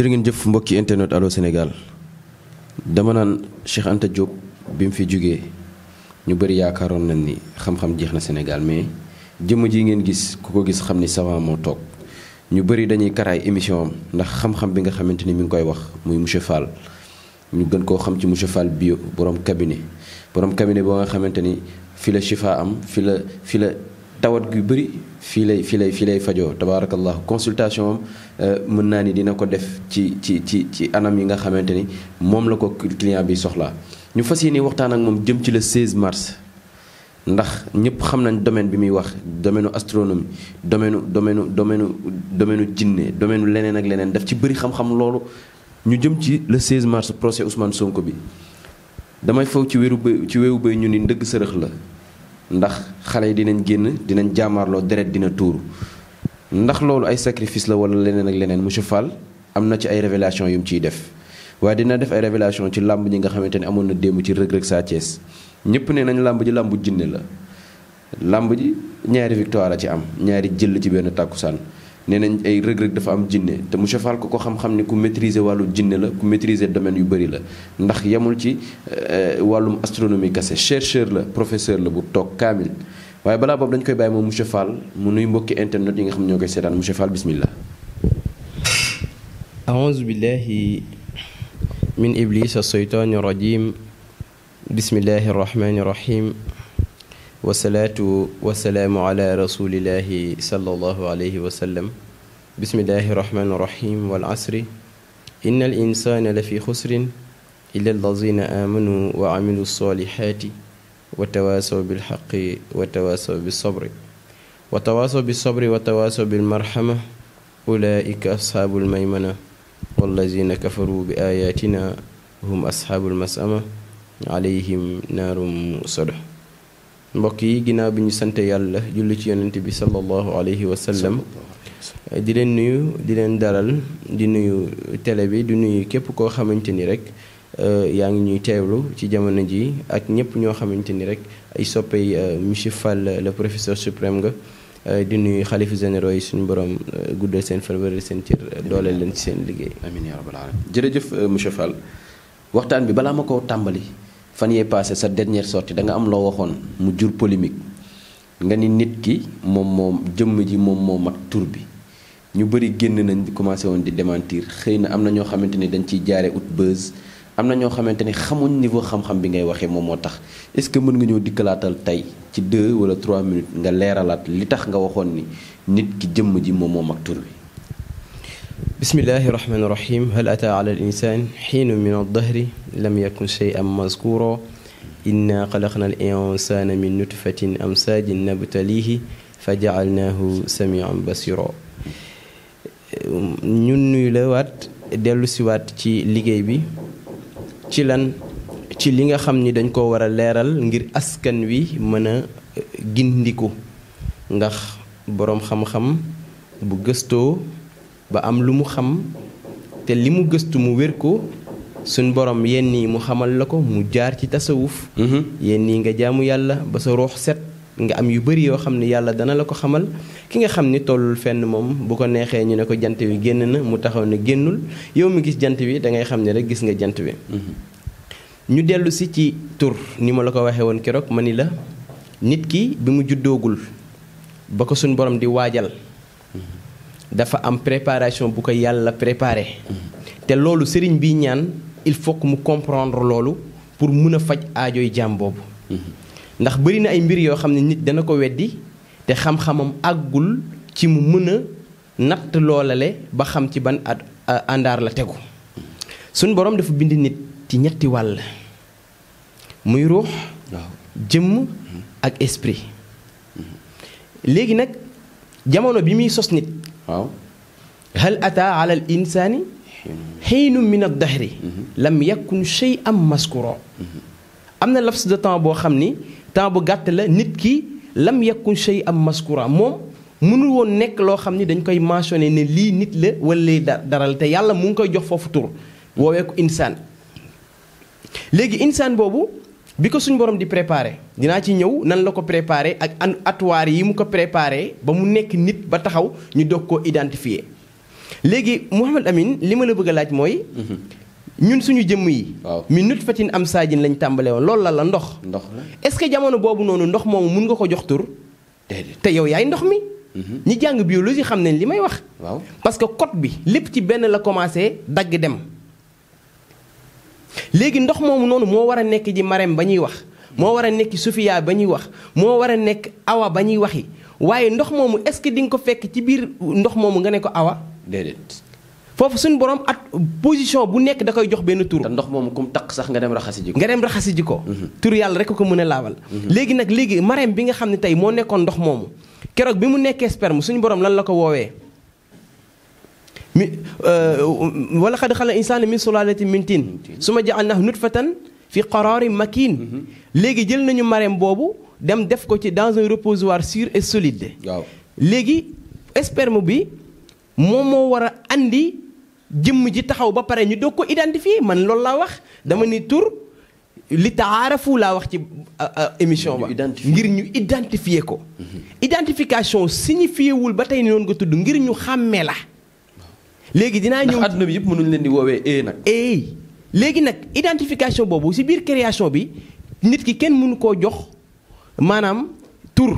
jërë ngeen jëf mbokki internet Allô Sénégal dama naan Cheikh Anta bi mu fi jógee ñu bëri yaakaaroon na ni xam-xam jeex na Sénégal mais jëmm ji ngeen gis ku ko gis xam ni savant moo toog ñu bëri dañuy karaay émission am ndax xam-xam bi nga xamante ni mi ngi koy wax muy monsieur Fall ñu gën koo xam ci monsieur Fall bio borom cabinet borom cabinet boo nga xamante fi la chifa am fi la fi la tawat gu bëri fii lay fii lay fii lay fajoo tabaarakallah consultation am euh, mën naa ni dina ko def ci ci ci ci anam yi nga xamante ni moom la ko client bi soxlaa. ñu fas ni waxtaan ak moom jëm ci le 16 mars ndax ñëpp xam nañ domaine bi muy wax domaine astronomie domaine domaine domaine domaine jinne domaine leneen ak leneen daf ci bëri xam loolu ñu jëm ci le 16 mars procès Ousmane Sonko bi damay faw ci weeru ba ci wéwu bay ñu ni ndëgg sërëx la. ndax xale yi dinañ génn dinañ jaamaarloo deret dina tuuru ndax loolu ay sacrifice la wala leneen ak leneen monsieur Fall am na ci ay révélation yu mu ciy def waaye dina def ay révélation ci làmb ñi nga xamante ne amoon na démb ci rëg-rëg saa Thiès ñëpp ne nañ làmb ji làmbu jinne la làmb ji ñaari victoire la ci am ñaari jël ci benn tàkkusaan nee nañ ay rëg-rëg dafa am jinne te monsieur Fall ko ko xam-xam ni ku maîtriser wàllu jinne la ku maîtriser domaine yu bëri la ndax yemul ci euh, wàllum astronomie kese chercheur la professeur la bu toog kaamil waaye balaa boobu dañ koy bàyyi moom monsieur Fall mu nuy mbokki internet yi nga xam ne ñoo koy seetaan monsieur Fall bismillah aouzu billahi min iblis as-saytaani rajim bismillahi rahmaani rahim wasalaatu wasalaamu ala rasulillahi sallallahu alayhi wa sallam bismillahi rahmaani rahim wal asri inna al insana la fi xusrin illa allazina amanu wa amilu solihati wa tawaasaw bilxaqi wa tawaasaw bisabri wa tawaasaw bisabri wa tawaasaw bilmarxama ulaika asxaabu lmaymana wallazina kafaru bi ayatina hum asxaabu lmasama alayhim naarum musada mbokk yi ginnaaw bi ñu sante yàlla julli ci yonent bi sallallahu alayhi wa sallam di leen nuyu di leen daral di nuyu télé bi di nuyu képp koo xamante ni rek euh, yaa ngi ñuy teewlu ci jamono ji ak ñëpp ñoo xamante ni rek ay soppey euh, monsieur Fall le professeur suprême nga euh, di nuyu xalifa généraux yi suñu borom guddal seen farwéral seen cër dooleel leen ci seen liggéey. amiin yaa jërëjëf monsieur Fall waxtaan bi balaa ma ko tàmbali. fan yee passé sa dernière sortie da nga am loo waxoon mu jur polémique nga ni nit ki moom moom jëmm ji moom moo mag tur bi ñu bëri génn nañ commencé woon di démentir xëy na am na ñoo xamante ni dañ ciy jaare ut buzz am na ñoo xamante ni xamuñ niveau xam-xam bi ngay waxee moom moo tax est-ce que mën nga ñëw dikkalaatal tey ci 2 wala 3 minutes nga leeralaat li tax nga waxoon ni nit ki jëmm ji moom moo mag tur bi bismillahi irrahmani irrahim hal ata ala al insan xiinu min aldahri lam yakun shay'an mazkuro inna xalaqna al insana min nutfatin amsaajin nabtalihi fa jacalnaahu samian basiro ñun nuyu la waat dellu siwaat ci liggéey bi ci lan ci li nga xam ni dañ ko war a leeral ngir askan wi mën a gindiku ndax boroom xam-xam bu gëstoo ba am lu mu xam te li mu gëstu mu wér ko suñ borom yenn yi mu xamal la ko mu jaar ci tasawuf mhm. yenn yi nga jaamu yàlla ba sa ruux set nga am yu bëri yoo xam ne yàlla dana la ko xamal ki nga xam ni tollul fenn moom bu ko neexee ñu ne ko jant wi génn na mu taxaw ne génnul yow mi gis jant wi da ngay xam ne rek gis nga jant wi mhm. ñu dellu si ci tur ni ma la ko waxee woon keroog ma ni la nit ki bi mu juddoogul ba ko suñ borom di waajal dafa am préparation bu ko yàlla préparé te loolu sëriñ bi ñaan il faut que mu comprendre loolu pour mun a faj aajooy jaam boobu ndax bëri na ay mbir yoo xam ne nit dana ko weddi te xam-xamam àggul ci mu mën a natt loolale ba xam ci ban at àndaar la tegu suñ borom dafa bind nit ci ñetti wàll muy ruux jëmm ak esprit léegi nag jamono bi muy sos nit waaw hal ataa ala al insaani xiinu min ad dahri lam yakun shay'an maskuro am na laps de temps boo xam ni temps bu gàtt la nit ki lam yakun am maskura moom mënul woon nekk loo xam ni dañ koy mentionné ni lii nit la wala lii daral te yàlla mu ngi koy jox foofu tur mm-hmm. woowee ko insaan léegi insaan boobu bi ko suñ borom di préparé dinaa ci ñëw nan la ko préparé ak an atuwaar yi mu ko préparé ba mu nekk nit ba taxaw ñu dog koo identifier léegi Mouhamed Amine li ma la bëgg a laaj mooy. Mhm. ñun suñu jëmm yi. waaw mi nut fatin am saajin lañ tàmbale woon loolu la la ndox. ndox est-ce que jamono boobu noonu ndox moomu mun nga ko jox tur. te yow yaay ndox mi. Mhm. ñi jàng biologie xam nañ li may wax. waaw parce que code bi lépp ci benn la commencé dagg dem. léegi ndox moomu noonu moo war a nekk ji mareem ba ñuy wax moo war a nekk Sofia ba ñuy wax moo war a nekk Awa ba ñuy waxi waaye ndox moomu est-ce que di nga ko fekk ci biir ndox moomu nga ne ko Awa déedéet foofu suñu borom at position bu nekk da koy jox benn tur. te ndox moomu kum takk sax nga dem raxasi ji nga dem raxasi ji ko. Mhm. tur yàlla rek ko mën a laabal. Mhm. léegi nag léegi Marème bi nga xam ne tey moo nekkoon ndox moomu keroog bi mu nekkee sperme suñu borom lan la ko woowee. mi euh, wala xad xala insaana min sulaalati suma tiin su ma ja'alnaahu nutfatan fi qaraarin makiin léegi jël nañu mareem boobu dem def ko ci dans un reposoir sur et solide. léegi sperme bi moo moo war a indi jëmm ji taxaw ba pare ñu doog ko identifier man loolu laa wax dama ni tur li taarafu laa wax ci euh, euh, émission ba ngir ñu identifier ko. Mhm. identification signifié wul ba tey noonu nga tudd ngir ñu xàmmee la. léegi dinaa ñëw adduna bi yëpp mënuñ leen di woowee ee nag. ee léegi nag identification boobu si biir création bi nit ki kenn mënu koo jox maanaam tur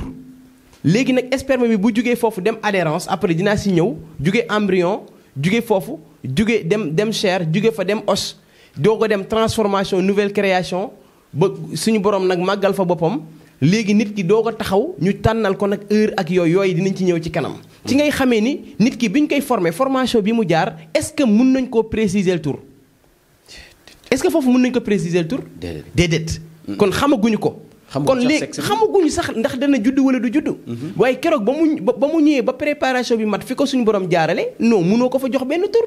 léegi nag sperme bi bu jógee foofu dem adhérence après dinaa si ñëw jugee embryon jugee foofu jugee dem dem chair jugee fa dem os doo ko dem transformation nouvelle création ba suñu borom nag màggal fa boppam léegi nit ki doo ko taxaw ñu tànnal ko nag heure ak yooyu yooyu dinañ ci ñëw ci kanam. ci ngay xamee ni nit ki bi ñu koy formé formation bi mu jaar est-ce que mun nañ koo préciser tour est-ce que foofu mun nañ ko préciser tour déedéet kon xamaguñu ko kon léegi xamaguñu sax ndax dana juddu wala du judd mm-hmm. waaye keroog ba mu ba mu ñëwee ba préparation bi mat fi ko suñu borom jaarale noo munoo ko fa jox benn tur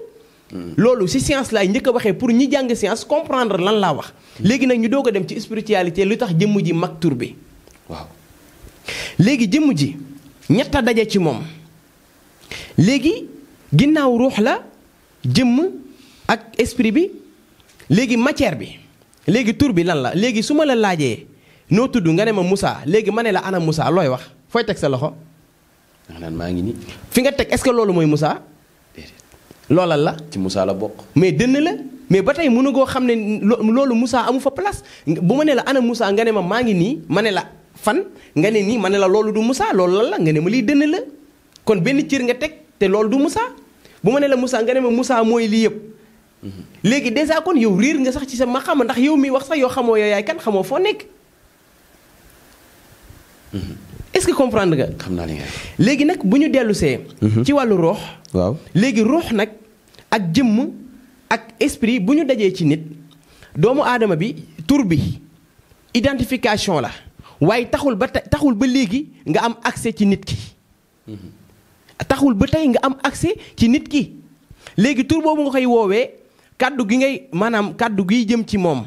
mm. loolu ci science laay njëkk waxee pour ñi jàng science comprendre lan laa wax mm. léegi nag ñu doo ko dem ci spiritualité lu tax jëmm ji mag tur bi waaw léegi jëmm ji ñett daje ci moom léegi ginnaaw ruux la jëmm ak esprit bi léegi matière bi léegi tur bi lan la léegi su ma la laajee noo tudd nga ne ma Moussa léegi ma ne la ana Moussa looy wax fooy teg sa loxo. naan maa ngi nii. fi nga teg est-ce que loolu mooy Moussa. loolal la. ci Moussa la bokk. mais dënn la mais ba tey mënu goo xam ne loolu musaa amu fa place bu ma ne la ana Moussa nga ne ma maa ngi nii ma ne la fan nga ne nii ma ne la loolu du Moussa loolu lan la nga ne ma lii dënn la kon benn cër nga teg. te loolu du Moussa bu ma ne la Moussa nga ne ma Moussa mooy lii yëpp. léegi dèjà kon yow riir nga sax ci sa maqaama ndax yow mi wax sax yoo xamoo yow yaay kan xamoo foo nekk. est-ce que comprendre xam naa li léegi nag bu ñu dellusee. Mhm. ci wàllu roox. léegi roox nag ak jëmm ak esprit bu ñu dajee ci nit doomu aadama bi tur bi identification la waaye taxul ba taxul ba léegi nga am accès ci nit ki. Mhm. taxul ba tey nga am accès ci nit ki léegi tur boobu nga koy woowee kàddu gi ngay maanaam kàddu giy jëm ci moom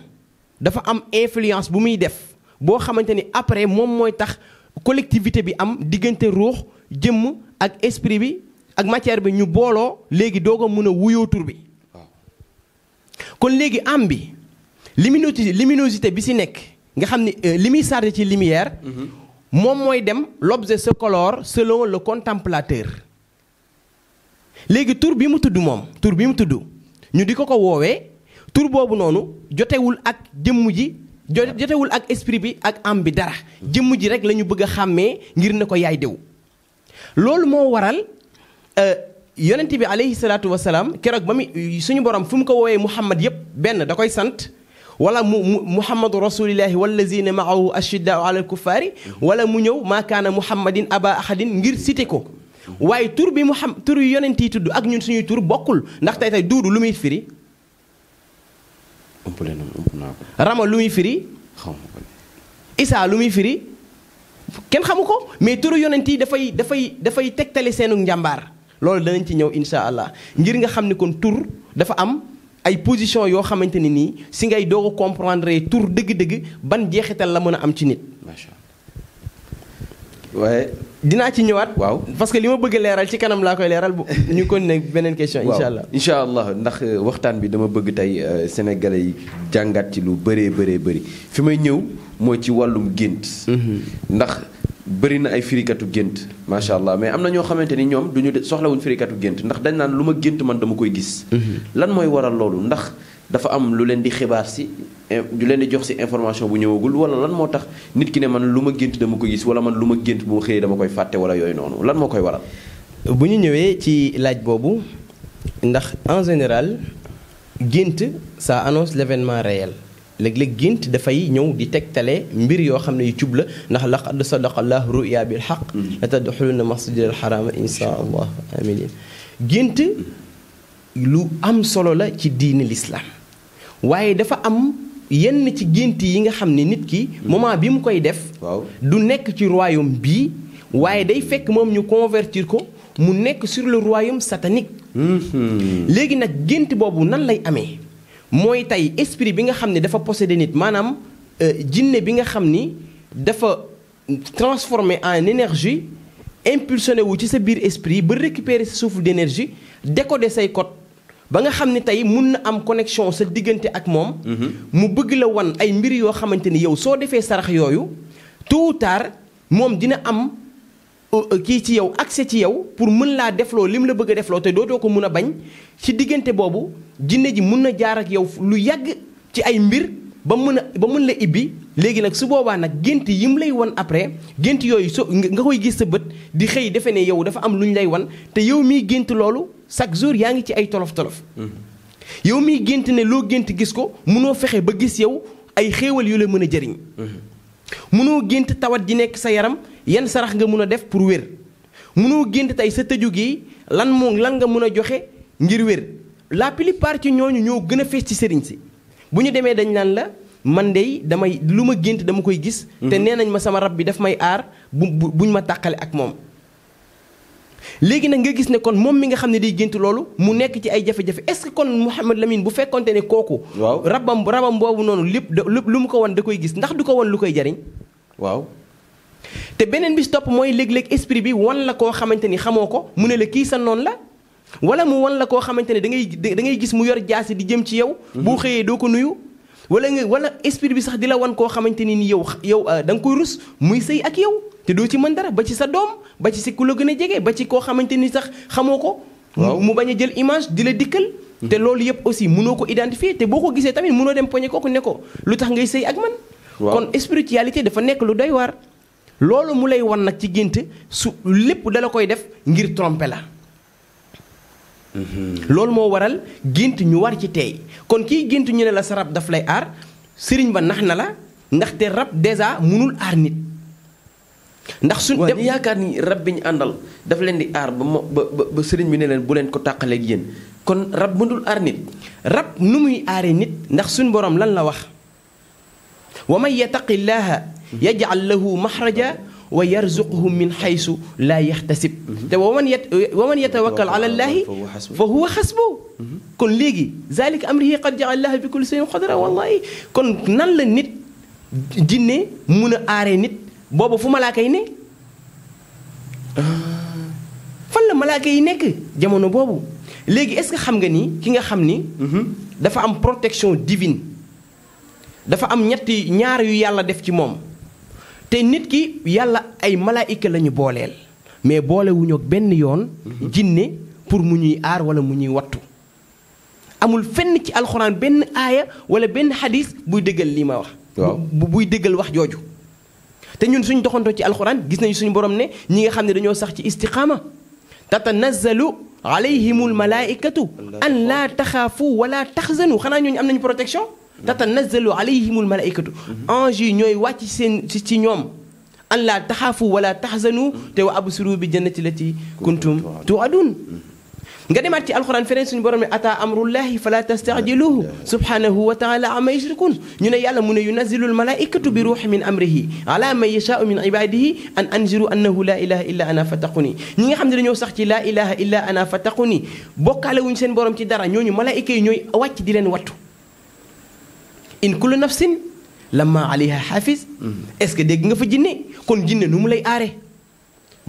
dafa am influence bu muy def boo xamante ni après moom mooy tax collectivité bi am diggante ruux jëmm ak esprit bi ak matière bi ñu booloo léegi doo ko mën a wuyoo tur bi kon léegi am bi luminosité luminosité bi si nekk nga xam ni euh, li muy chargé ci lumière mhm. moom mooy dem lobse sa colore selon le contemplateur léegi tur bi mu tudd moom tur bi mu tudd ñu di ko ko woowee tur boobu noonu jotewul ak jëmm ji jotewul ak esprit bi ak am bi dara jëmm ji rek la ñu bëgg a xàmmee ngir ne ko yaay dew loolu moo waral euh, yonent bi aleyhi salaatu wasalaam keroog ba mu suñu borom fu mu ko woowee Muhammad yépp benn da koy sant wala mu mu muhammadu rasulillahi wallazina maahu ashiddaau ala alkuffaari wala mu ñëw maakaana muhammadin aba ahadin ngir cité ko waaye tur bi mu xam tur yu yonent yi tudd ak ñun suñuy tur bokkul ndax tey tey duudu lu muy firi rama lu muy firi isaa lu muy firi kenn xamu ko mais turu yonent yi dafay dafay dafay tegtale seenu njàmbaar loolu danañ ci ñëw insha allah ngir nga xam ne kon tur dafa am ay position yoo xamante ne nii si ngay doog a comprendre tour dëgg-dëgg ban jeexital la mën a am ci nit. macha allah waaye. dinaa ci ñëwaat. waaw parce que li ma bëgg leeral ci kanam laa koy leeral bu ñu kon ne beneen question. incha allah waaw allah ndax euh, waxtaan bi dama bëgg tey euh, sénégalais yi jàngat ci lu bëree bëree bëri fi may ñëw moo ci wàllum gént. Mhm. ndax. bëri na ay firikatu gént macha allah mais am na ñoo xamante ni ñoom du ñu soxlawuñ firikatu gént ndax dañ naan lu ma gént man dama koy gis. Mhm. lan mooy waral loolu ndax dafa am lu leen di xibaar si du leen di jox si information bu ñëwagul wala lan moo tax nit ki ne man lu ma gént dama koy gis wala man lu ma gént bu ma xëyee dama koy fàtte wala yooyu noonu lan moo koy waral. bu ñu ñëwee ci laaj boobu ndax en général gént sa annonce l'événement réel. léeg-léeg gént dafay ñëw di tegtale mbir yoo xam ne yu jub la ndax laqad sadaqa allahu ruya bil xaq la tadxuluna masjidal xarama insha allah gént lu am solo la ci diini lislaam waaye dafa am yenn ci gént yi nga xam ne nit ki moment bi mu koy def du nekk ci royaume bii waaye day fekk moom ñu convertir ko mu nekk sur le royaume satanique mhm. léegi nag gént boobu nan lay amee mooy tey esprit bi nga xam ne dafa possédé nit maanaam euh, jinné bi nga xam ni dafa transformé en énergie impulsionné wu ci sa biir esprit ba récupérer sa souffle d'énergie décoder say code ba nga xam ne tey mun na am connexion sa diggante ak moom mm-hmm. mu bëgg la wan ay mbir yoo xamante ni yow soo defee sarax yooyu tôt moom dina am Euh, euh, kii ci yow accès ci yow pour mën laa defloo li lim la bëgg a defloo te dootoo ko mun a bañ ci diggante boobu jinne ji mun na jaar ak yow lu yàgg ci ay mbir ba mën a ba mën la ibbi léegi nag su boobaa nag gént yi mu lay wan après gént yooyu so nga koy gis sa bët di xëy defe ne yow dafa am lu ñu lay wan te yow mii gént loolu chaque jour yaa ngi ci ay tolof-tolof mm-hmm. yow miy gént ne loo gént gis ko munoo fexe ba gis yow ay xéewal yu la mën a jëriñ mm-hmm. mënoo gént tawat ji nekk sa yaram yan sarax nga mun a def pour wér mënoo gént tey sa tëju gi lan moo lan nga mun a joxe ngir wér la plupart ci ñooñu ñoo gën a fees ci sëriñ si bu ñu demee dañ lan la man de damay lu ma gént dama koy gis. te mhm. nee nañ ma sama rab bi daf may aar bu ñu ma tàqale ak moom. léegi nag nga gis ne kon moom mi nga xam ne day gént loolu mu nekk ci ay jafe-jafe est-ce que kon Mouhamed Lamine bu fekkonte ne kooku waaw rabam rabam boobu noonu lépp lu mu ko wan da koy gis ndax du ko wan lu koy jariñ waaw te beneen bis topp mooy léeg-léeg esprit bi wan la koo xamante ni xamoo ko mu ne la kii sa noon la wala mu wan la koo xamante ne da ngay da ngay gis mu yor jaase di jëm ci yow mhm. boo xëyee doo ko nuyu wala nga wala esprit bi sax di la wan koo xamante ni ni yow yow euh, da koy rus muy sëy ak yow te doo ci mën dara ba ci sa doom ba ci si ku la gën a jege ba ci koo xamante ni sax xamoo ko. waaw mu bañ a jël image di la dikkal. te loolu yëpp aussi mënoo ko identifier te boo ko gisee tamit mënoo dem poñe kooku ne ko lu tax ngay sëy ak man. kon spiritualité dafa nekk lu doy war loolu mu lay wan nag ci gént su lépp dala koy def ngir tromper la. Mhm. loolu moo waral gént ñu war ci teey kon kii gént ñu ne la sa rab daf lay aar sëriñ ba nax na la ndaxte rab dèjà mënul aar nit. ndax suñ dem yaakaar ni rab bi àndal dafa leen di aar ba mo sëriñ bi ne leen bu leen ko tàqaleeg yéen kon rab mënul aar nit rab nu muy aaree nit ndax suñ boroom lan la wax wa man yattaqillaha yaj'al lahu maxraja wa yarzuquhu min xaysu laa yaxtasib te wa man yat wa man yatawakkal ala fa huwa xasbu kon léegi zalika amrihi qad ja'ala llaahu bi kulli shay'in qadra wallahi kon nan la nit jinne mën a aare nit booba fu malaaka yi ne fan la malaaka yi nekk jamono boobu léegi est-ce que xam nga ni ki nga xam ni mhm. dafa am protection divine dafa am ñetti ñaar yu yàlla def ci moom te nit ki yàlla ay malaayika la ñu booleel mais boolewuñu ak benn yoon mhm. jinne pour mu ñuy aar wala mu ñuy wattu amul fenn ci alxuraan benn aaya wala benn xadis buy dëggal lii ma wax bu buy dëggal wax jooju te ñun suñ doxantoo ci alxuraan gis nañu suñu borom ne ñi nga xam ne dañoo sax ci istiqaama tatanazzalu alayhimul malaikatu an laa taxaafu wala taxzanu xanaa ñooñu am nañu protection tatanazzalu alayhimul malaikatu ange yi ñooy wàcc seen ci ñoom an laa taxaafu wala taxzanu te wa absiru bi jannati lati kuntum tuadun nga demaat ci alxuraan feneen suñu borom ne ata amrullahi fala tastaajiluhu subhanahu wa taala ama yushrikun ñu ne yàlla mu ne yunazilu almalaikatu bi ruuxi min amrihi ala man yashaau min ibadihi an anziru annahu laa ilaha illa xam ne dañoo sax ci laa ilaha illa ana fattaquni bokkaale wuñ seen borom ci dara ñooñu malaayika yi ñooy wàcc di leen wattu in kullu nafsin lamma alayha xaafis mm-hmm. est-ce que dégg nga fa jinne kon jinne nu mu lay aare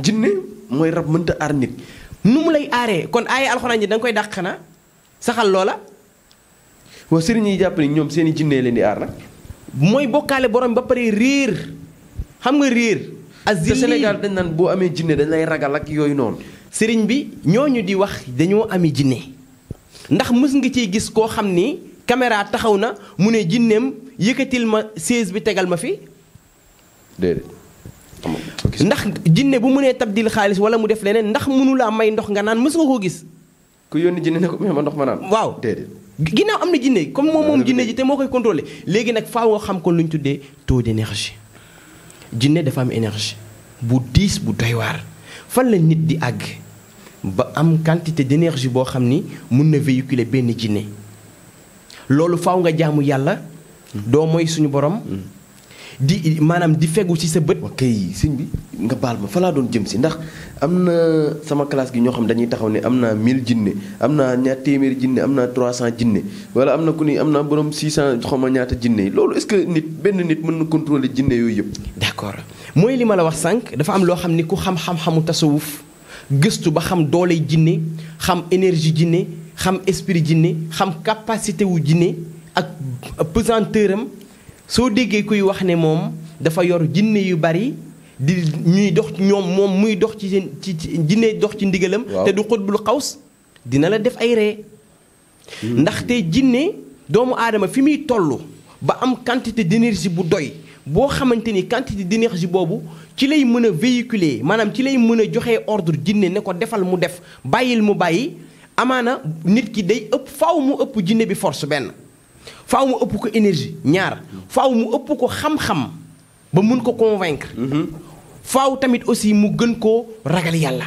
jinne mooy rab mënta aar nit nu mu lay aaree kon aaye alxuraan ji danga koy dàq na saxal loola. waaw sëriñ yi jàppale ñoom seen i jinne leen di aar nag. mooy bokkaale borom ba pare réer xam nga réer. asile te Sénégal dañ naan boo amee jinne dañ lay ragal ak yooyu noonu. sëriñ bi ñoo ñu di wax dañoo amee jinne ndax mës nga ciy gis koo xam ni caméra taxaw na mu ne jinneem yëkkatil ma siège bi tegal ma fi ndax jinne bu mënee tabdil xaalis wala mu def leneen ndax mënu may ndox nga naan mës nga koo gis. ku yónni jinne ne ko ndox ma naan. waaw déedéet. ginnaaw am na jinne comme moom moom jinne ji te moo koy contrôlé léegi nag faaw nga xam ko lu ñu tuddee de d'énergie jinne dafa am énergie bu diis bu doy fan la nit di àgg ba am quantité d'énergie boo xam ni mun na véhiculer benn jinne loolu faaw nga jaamu yàlla mm-hmm. doo moy suñu borom mm-hmm. di maanaam di fegu ci sa bët. ok sëñ bi nga baal ma falaa doon jëm si ndax am na sama classe gi ñoo xam dañuy taxaw ni am naa 1000 jinne am naa ñaar téeméeri jinne am naa 300 jinne wala am na ku ni am naa borom 600 xaw ma ñaata jinne yi loolu est-ce que nit benn nit mën na contrôler jinne yooyu yëpp. d'accord mooy li ma la wax sànq dafa am loo xam ni ku xam xam-xamu tasawuf gëstu ba xam doole jinne xam énergie jinne xam esprit jinne xam capacité wu jinne ak pesanteur am soo déggee kuy wax ne moom dafa yor jinne yu bari di ñuy dox ñoom moom muy dox ci seen ci jinne dox ci ndigalam te du xutbul xaws dina la def ay ree hmm. ndaxte jinne doomu aadama fi muy tollu ba am quantité d'énergie bu doy boo xamante ni quantité d'énergie boobu ci lay mën a véhiculer maanaam ci lay mën a joxe ordre jinne ne ko defal mu def bàyyil mu bàyyi amaana nit ki day ëpp faw mu ëpp jinne bi force benn faaw mu ëpp ko énergie ñaar faaw mu ëpp ko xam-xam ba mun ko convaincre mhm. faaw tamit aussi mu gën koo ragal yàlla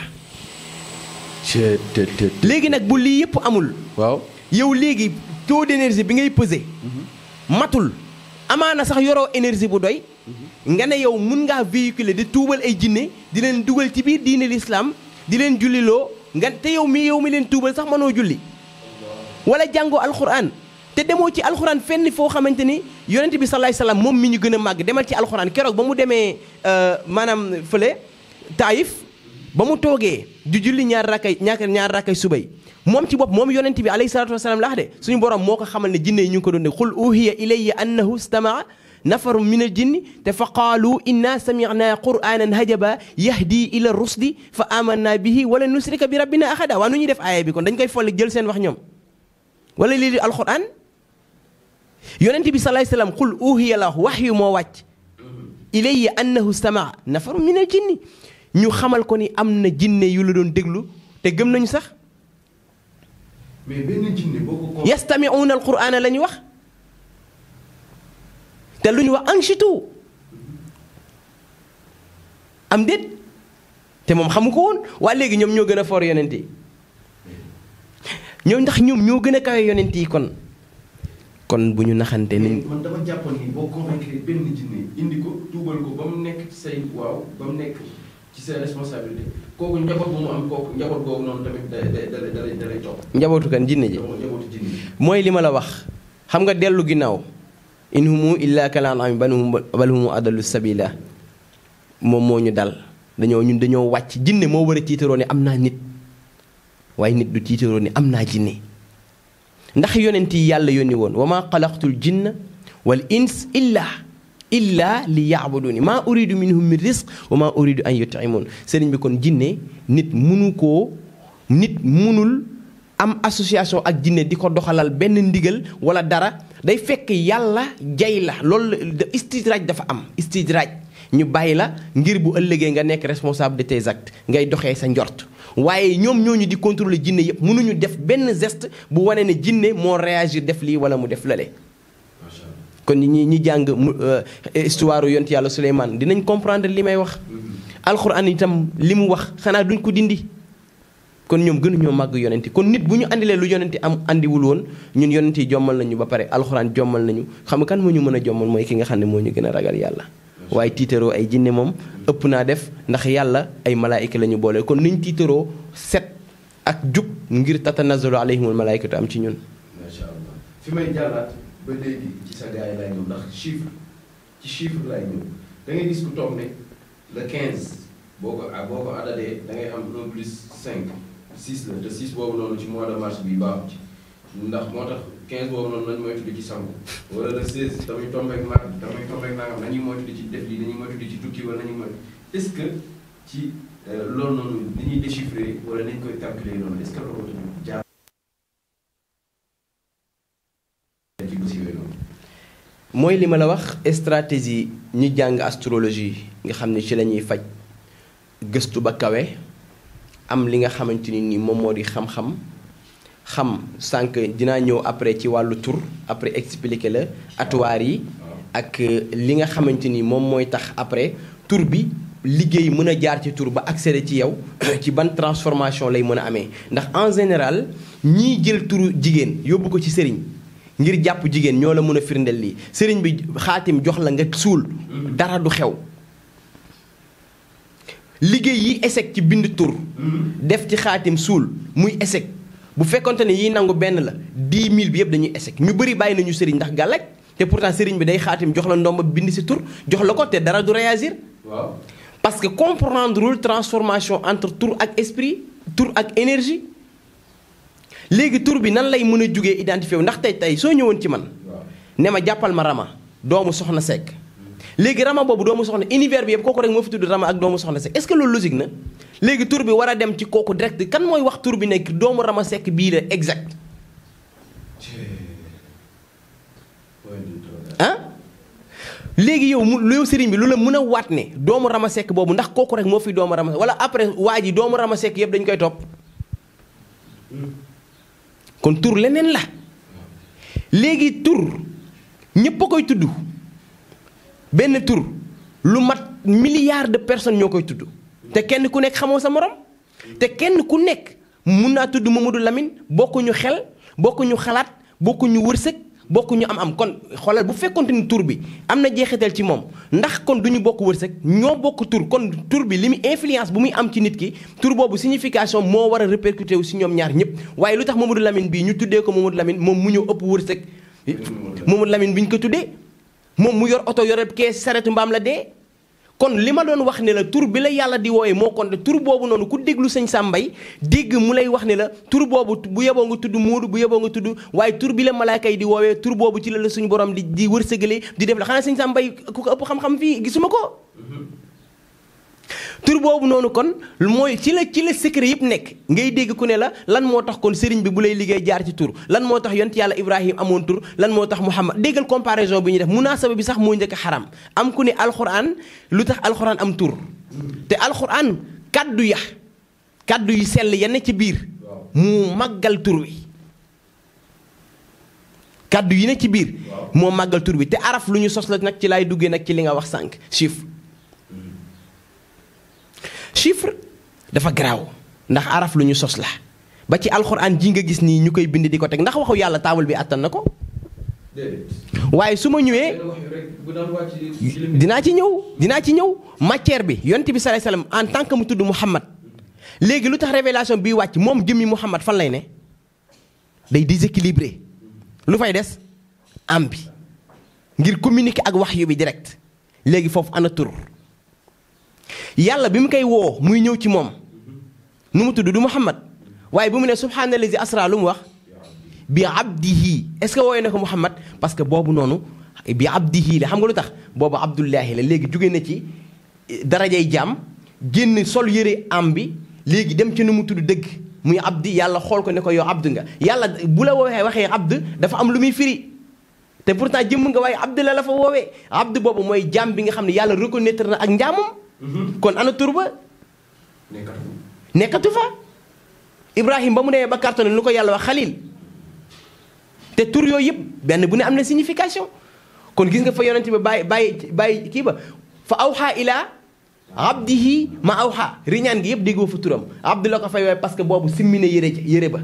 léegi nag bu lii yëpp amul waaw yow léegi taux d'énergie bi ngay peser mhm. matul amaana sax yoroo énergie bu doy mhm. nga ne yow mun ngaa véhiculer di tuubal ay jinne di leen dugal ci biir diine islaam di leen julliloo nga te yow mi yow mi leen tuubal sax mënoo julli wala jàngoo alxuraan te demoo ci alxuraan fenn foo xamante ni yonent bi salaay salaam moom mi ñu gën a màgg demal ci alxuraan keroog ba mu demee euh, maanaam fële taayif ba mu toogee ju julli ñaar rakkay ñaar ñaar rakkay subay moom ci bopp moom yonent bi alayhi salaatu wasalaam laax de suñu borom moo ko xamal ne jinne ñu ngi ko doon de qul uhiya ilayya annahu stamaa nafaru min al jinni te fa qaalu inna sami'na qur'anan hajaba yahdi ila rusdi fa amanna bihi wala nusrika bi rabbina ahada waa nu ñuy def aaya bi kon dañ koy folli jël seen wax ñoom wala lii di alquran yonent bi salaay salaam qul uhiya la wax yu moo wàcc ilayya annahu stamaa nafaru min al jinni ñu xamal ko ni am na jinne yu la doon déglu te gëm nañu sax mais benn jinne boo qur'aana la ñu wax te lu ñu wax anchitu am déet te moom xamu ko woon waa léegi ñoom ñoo gën a for yonent yi ñoom ndax ñoom ñoo gën a kawe yonent yi kon kon bu ñu naxante ni man dama jàppoon ni mooy li ma la wax xam nga dellu ginnaaw in humu illa ñu dal dañoo ñun dañoo wàcc jinne moo war a tiitaroo ne am naa nit waaye nit du tiitaroo ne am naa jinne ndax yonent yi yàlla yónni woon wa maa xalaqtul jinna wal ins illa illa li yaabuduni maa uridu minhum min risq wa maa uridu an yut'imun sëriñ bi kon jinne nit munu koo nit mënul am association ak jinne di ko doxalal benn ndigal wala dara day fekk yàlla jay la loolu istidraaj dafa am istidraaj ñu bàyyi la ngir bu ëllëgee nga nekk responsable de tes ngay doxee sa njort waaye ñoom ñooñu di contrôler jinne yëpp mënuñu def benn geste bu wane ne jinne moo réagir def lii wala mu def lale kon ñi ñi jàng euh, histoire yont yàlla Souleymane dinañ comprendre li may wax alxuraan itam li mu wax xanaa duñ ko dindi kon ñoom gënuñoo màgg yonenti kon nit bu ñu indilee lu yonenti am andiwul woon ñun yonenti yi jommal nañu ba pare alxuraan jommal nañu xam nga kan moo ñu mën a jommal mooy ki nga xam ne moo ñu gën a ragal yàlla waaye tiitaroo ay jinne moom ëpp naa def ndax yàlla ay malaayika la ñu boole kon niñ tiitaroo set ak jug ngir tatanazalu alayhimul malaayikatu am ci ñun. macha allah fi may jàllaat ba léegi ci sa gars yi laay ndax chiffre ci chiffre laay ñëw da gis ku toog ne le 15 boo ko boo ko am 1 plus 5 la te 6 boobu noonu ci mois de mars bi baaxu ci ndax moo tax. 15 boobu noonu lañ moytu di wala le 16 tamit tombeek mar tamit tombeek nangam nañuy moytu di wala nañuy moytu est-ce que ci euh, loolu wala nañ koy calculer noonu est-ce que mooy li ma la wax stratégie ñu jàng astrologie nga xam ne ci la ñuy faj gëstu ba kawe am li nga xamante ni nii moom moo di xam-xam xam sànq dinaa ñëw après ci wàllu tur après expliquer la atuwaar yi ak euh, li nga xamante ni moom mooy tax après tur bi liggéey mën a jaar ci tur ba accéder ci yow ci ban transformation lay mën a amee ndax en général ñii jël turu jigéen yóbbu ko ci sëriñ ngir jàpp jigéen ñoo la mën a firndeel lii sëriñ bi xaatim jox la nga suul dara du xew liggéey yi échec ci bind tur mm-hmm. def ci xaatim suul muy échec bu fekkonte ne yiy nangu benn la 10 000 bi yëpp dañuy échec ñu bëri bàyyi nañu sëriñ ndax gàllaaj te pourtant sëriñ bi day xaatim jox la ndomba bind si tur jox la ko te dara du réagir. waaw parce que comprendrewul transformation entre tur ak esprit tur ak énergie. léegi tur bi nan lay mën a jugee identifié wu ndax tey tey soo ñëwoon ci man. ne ma jàppal ma rama doomu soxna Seck. léegi rama boobu doomu soxna univers bi yëpp kooku rek moo fi tudd rama ak doomu soxna sekk est loolu logique na léegi tur bi war a dem ci kooku direct kan mooy wax tur bi nekk doomu rama sekk bii la exact ah léegi yow mu yow sëriñ bi lu la mën a waat ne doomu rama sekk boobu ndax kooku rek moo fi doomu rama wala après waa ji doomu rama sekk yëpp dañ koy topp kon tur leneen la léegi tur ñépp a koy tudd benn tur lu mat milliard de personnes ñoo koy tudd te kenn ku nekk xamoo sa morom te kenn ku nekk mun naa tudd Mamadou Lamine bokkuñu xel bokkuñu xalaat bokkuñu wërsëg bokkuñu am am kon xoolal bu fekkonte ni tur bi am na jeexital ci moom ndax kon du ñu bokk wërsëg ñoo bokk tur kon tur bi li muy influence bu muy am ci nit ki tur boobu signification moo war a wu si ñoom ñaar ñëpp waaye lu tax Mamadou Lamine bii ñu tuddee ko Mamadou moom mu ñëw ëpp wërsëg Mamadou Lamine bi ñu ko tuddee moom mu yor oto yore kee saretu mbaam la de kon li ma doon wax ne la tur bi la yàlla di woowee moo kon tur boobu noonu ku déglu sañ sambay dégg mu lay wax ne la tur boobu bu yeboo nga tudd muudu bu yeboo nga tudd waaye tur bi la malaaka yi di woowee tur boobu ci la la suñu borom di di wërsëgale di def la xanaa sañ sàmbay ku ko ëpp xam-xam fii gisuma ko mm-hmm. tur boobu noonu kon mooy ci la ci la secret yëpp nekk ngay dégg ku ne la lan moo tax kon sëriñ bi bu lay liggéey jaar ci tur lan moo tax yont yàlla Ibrahima amoon tur lan moo tax Muhammad déggal comparaison bi ñuy def munaasaba bi sax moo njëkk a xaram am ku ne alxuraan lu tax alxuraan am tur te alxuraan kàddu ya kaddu yu sell yenn ci biir mu màggal tur wi kaddu yi ne ci biir moo màggal tur bi te araf lu ñu sos la nag ci laay duggee nag ci li nga wax sànq chiffre chiffre dafa garaaw ndax araf lu ñu sos la ba ci alxuraan ji nga gis nii ñu koy bind di ko teg ndax waxu yàlla taabal bi àttan na ko. waaye su ma ñëwee dinaa ci ñëw dinaa ci ñëw matière bi yonent bi sallallahu alayhi wasallam en tant que mu tudd Muhammad léegi lu tax révélation bi wàcc moom jëmmi Muhammad fan lay ne day déséquilibré lu fay des am bi ngir communiquer ak wax yu bi direct léegi foofu ana tur yàlla bi mu koy woo muy ñëw ci moom nu mu tudd du Muhammad waaye bu mu ne si asra lu mu wax bi abdihi est-ce que woowee na ko Muhammad parce que boobu noonu bi abdihi la xam nga lu tax boobu Abdullahi la léegi jóge na ci eh, darajay jaam génn sol yére am bi léegi dem ci nu mu tudd dëgg muy abdi yàlla xool ko ne ko yow abd nga yàlla bu la woowee waxee abd dafa am lu muy firi te pour pourtant jëmm nga waaye abd la la fa woowee abd boobu mooy jaam nga xam ne yàlla reconnaître na ak njaamam Mhm. kon ana tur ba. nekkatu fa nekkatu ba mu demee ba carton lu ko yàlla wax xalil te tur yooyu yëpp benn bu ne am na signification kon gis nga fa yonent bi bàyyi bàyyi kii ba fa awxaa ilaa abdihi ma awxaa riñaan gi yëpp déggoo fa turam abdi la ko fay waaye parce que boobu simmi na yére yére ba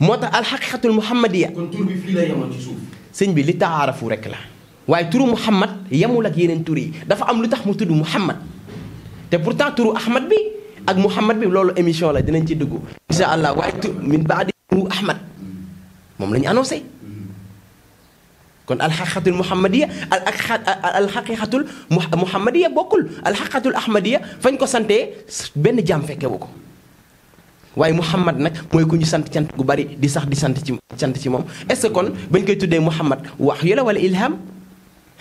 moo tax alxaqiqatul muhammadiya. kon tur bi fii la yemoon rek la waaye turu muhammad yemul ak yeneen tur yi dafa am lu tax mu tudd muhammad te pourtant turu Ahmad bi ak Mouhamad bi loolu émission la dinañ ci dugg. incha allah waaye tur min baadi mu Ahmad moom la ñu annoncé kon alxaqiqatul muhammadiya al alxaqiqatul muhammadiya bokkul alxaqiqatul ahmadiya fañ ko santee benn jaam fekke ko waaye Mouhamad nag mooy ku ñu sant cant gu bari di sax di sant ci sant ci moom est kon bañ koy tuddee Mouhamad wax yu la wala ilham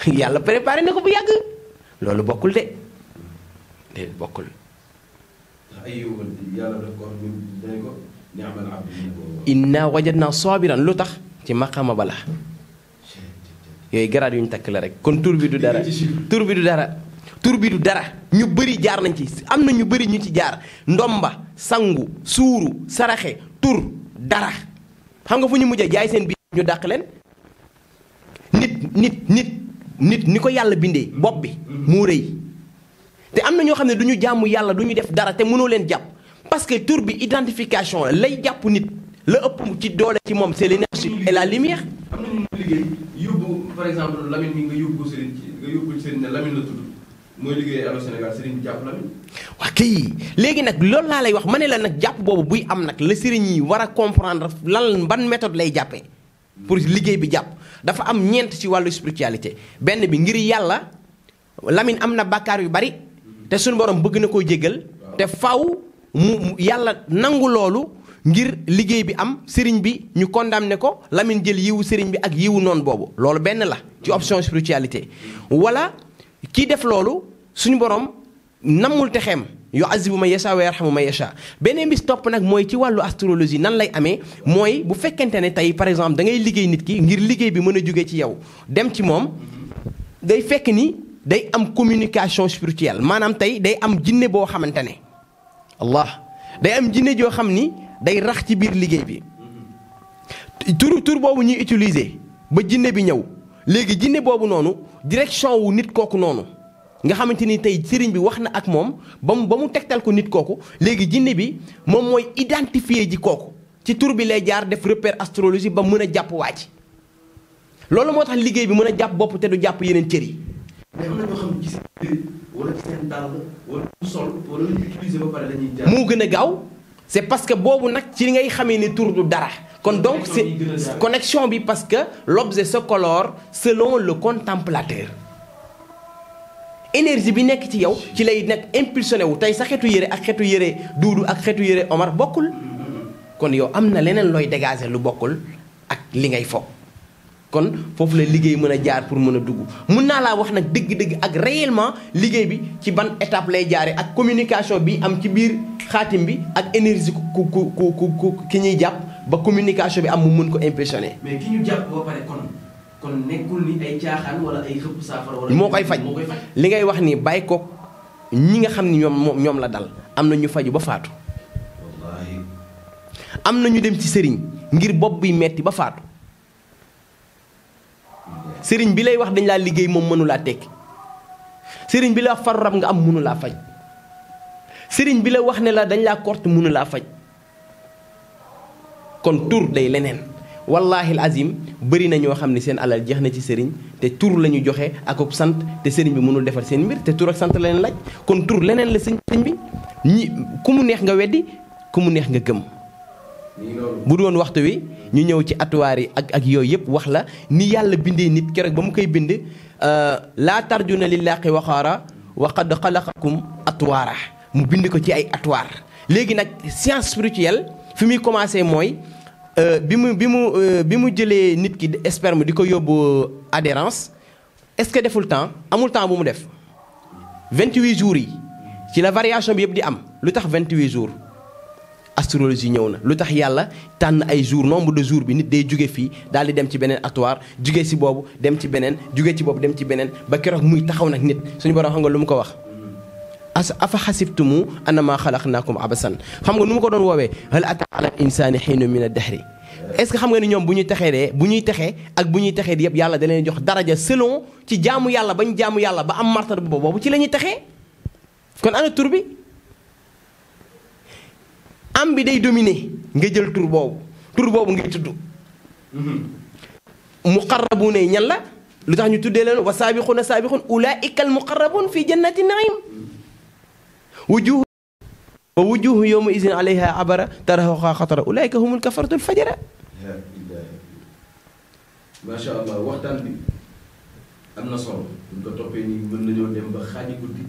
yàlla préparé na ko bu yàgg loolu bokkul de. déet bokkul. inna wajadna saabiran lu tax ci maqama bala yooyu garaat yu ñu takk la rek kon tur bi du dara tur bi du dara tur bi dara ñu bari jaar nañ ci am na ñu bari ñu ci jaar ndomba sangu suuru saraxe tur dara xam nga fu ñu mujjee jaay seen bi ñu dàq leen nit nit nit nit ni ko yàlla bindee bopp bi mu rëy te am na ñoo xam ne du ñu jaamu yàlla du ñu def dara te mënoo leen jàpp parce que tur bi identification la lay jàpp nit la ëpp ci doole ci moom seen l'énergie et la lumière. exemple la tudd mooy liggéey Allô Sénégal Serigne bi jàpp Lamine. waa kay léegi nag loolu laa lay wax ma ne la nag jàpp boobu buy am nag la Serigne yi war a comprendre lan ban méthode lay jàppee pour liggéey bi jàpp dafa am ñeent ci wàllu spiritualité benn bi ngir yàlla Lamine am na bàkkaar yu bari. te suñu borom bëgg na koo jéggal te faw mu yàlla nangu loolu ngir liggéey bi am sëriñ bi ñu condamné ko Lamine jël yiwu sëriñ bi ak yiwu noon boobu loolu benn la ci option spiritualité wala kii def loolu suñu borom namul texeem yu azibu ma yasha wa yarhamu ma yasha beneen bis topp nag mooy ci wàllu astrologie nan lay amee mooy bu fekkente ne tey par exemple da ngay liggéey nit ki ngir liggéey bi mën a jóge ci yow dem ci moom day fekk ni day am communication spirituelle maanaam tey day am jinne boo xamante ne allah day am jinne joo xam ni day rax ci biir liggéey bi tur tur boobu ñuy utiliser ba jinne bi ñëw léegi jinne boobu noonu direction wu nit kooku noonu nga xamante ni tey sëriñ bi wax na ak moom ba mu ba mu tegtal ko nit kooku léegi jinne bi moom mooy identifier ji kooku ci tur bi lay jaar def repère astrologie ba mën a jàpp waa ji loolu moo tax liggéey bi mën a jàpp bopp te du jàpp yeneen cër mais moo gën a gaaw c' est parce que boobu nag ci li ngay xamee ni tur du dara. kon donc c' bi parce que l' objet se colore selon contemplateur. énergie bi nekk ci yow ci lay nekk impulsionné wu tey sa xetu yére ak xetu yére duudu ak xetu yére Omar bokkul kon yow am na leneen looy dégager lu bokkul ak li ngay foog. kon foofu la liggéey mën a jaar pour mën a dugg mën naa laa wax nag dégg dégg ak réellement liggéey bi ci ban étape lay jaare ak communication bi am ci biir xaatim bi ak énergie ku ku ku ku ki ñuy jàpp ba communication bi am mu mën ko impressionné. mais ki ñu jàpp ba kon kon nekkul ay caaxaan wala ay xëpp saafara wala moo koy faj li ngay wax nii bàyyi kook ñi nga xam ni ñoom ñoom la dal am na ñu faju ba faatu. am na ñu dem ci sëriñ ngir bopp bi metti ba faatu. sëriñ bi lay wax dañ laa liggéey moom mënulaa tekki sëriñ bi la wax faru rab nga am mënulaa faj sëriñ bi la wax ne la dañ laa korte mënulaa faj kon tur day leneen wallahi azim bari na ñoo xam ne seen alal jeex na ci sëriñ te tur la ñu joxe ak ak sant te sëriñ bi mënul defar seen mbir te tur ak sant la leen laaj kon tur leneen la sëriñ bi ñi ku mu neex nga weddi ku mu neex nga gëm bu doon waxtu wi ñu ñëw ci atuwaar yi ak ak yooyu yëpp wax la ni yàlla bindee nit keroog ba mu koy bind euh, laa tarjuna lillaahi waxaara wa qad xalaqakum atwaara mu bind ko ci ay atuwaar léegi nag science spirituelle fi muy commencé mooy euh, bi mu bi mu euh, bi mu jëlee nit ki esperme di ko yóbbu adhérence est-ce que deful temps amul temps bu mu def 28 jours yi ci la variation bi yëpp di am lu tax 28 jours astrologie ñëw na lu tax yàlla tànn ay jour nombre de jours bi nit day jóge fii daal di dem ci beneen atuwaar jóge si boobu dem ci beneen jóge ci boobu dem ci beneen ba keroog muy taxaw nag nit suñu borom xam nga lu mu ko wax as afa xasibtumu annama xalaqnaakum abasan xam nga nu mu ko doon woowee hal ata ala insaani xiinu min ad-dahri est ce que xam nga ni ñoom bu ñu texee dee bu ñuy texee ak bu ñuy texee di yëpp yàlla da jox daraja selon ci jaamu yàlla bañ jaamu yàlla ba am martaba boobu ci la ñuy texee am bi day dominer nga jël tur boobu tur boobu ngay tudd mm-hmm. muqarrabuuna yi ñan la lu tax ñu tuddee leen wa saabixuuna saabixuun ulaa'ika al muqarrabuun fi jannati naim wujuhu wa wujuhu yowma isin alayha abara taraxoxa xatara ulaa'ika humul kafaratul fajara am na solo buñ toppee nii mën nañoo dem ba xaaji guddi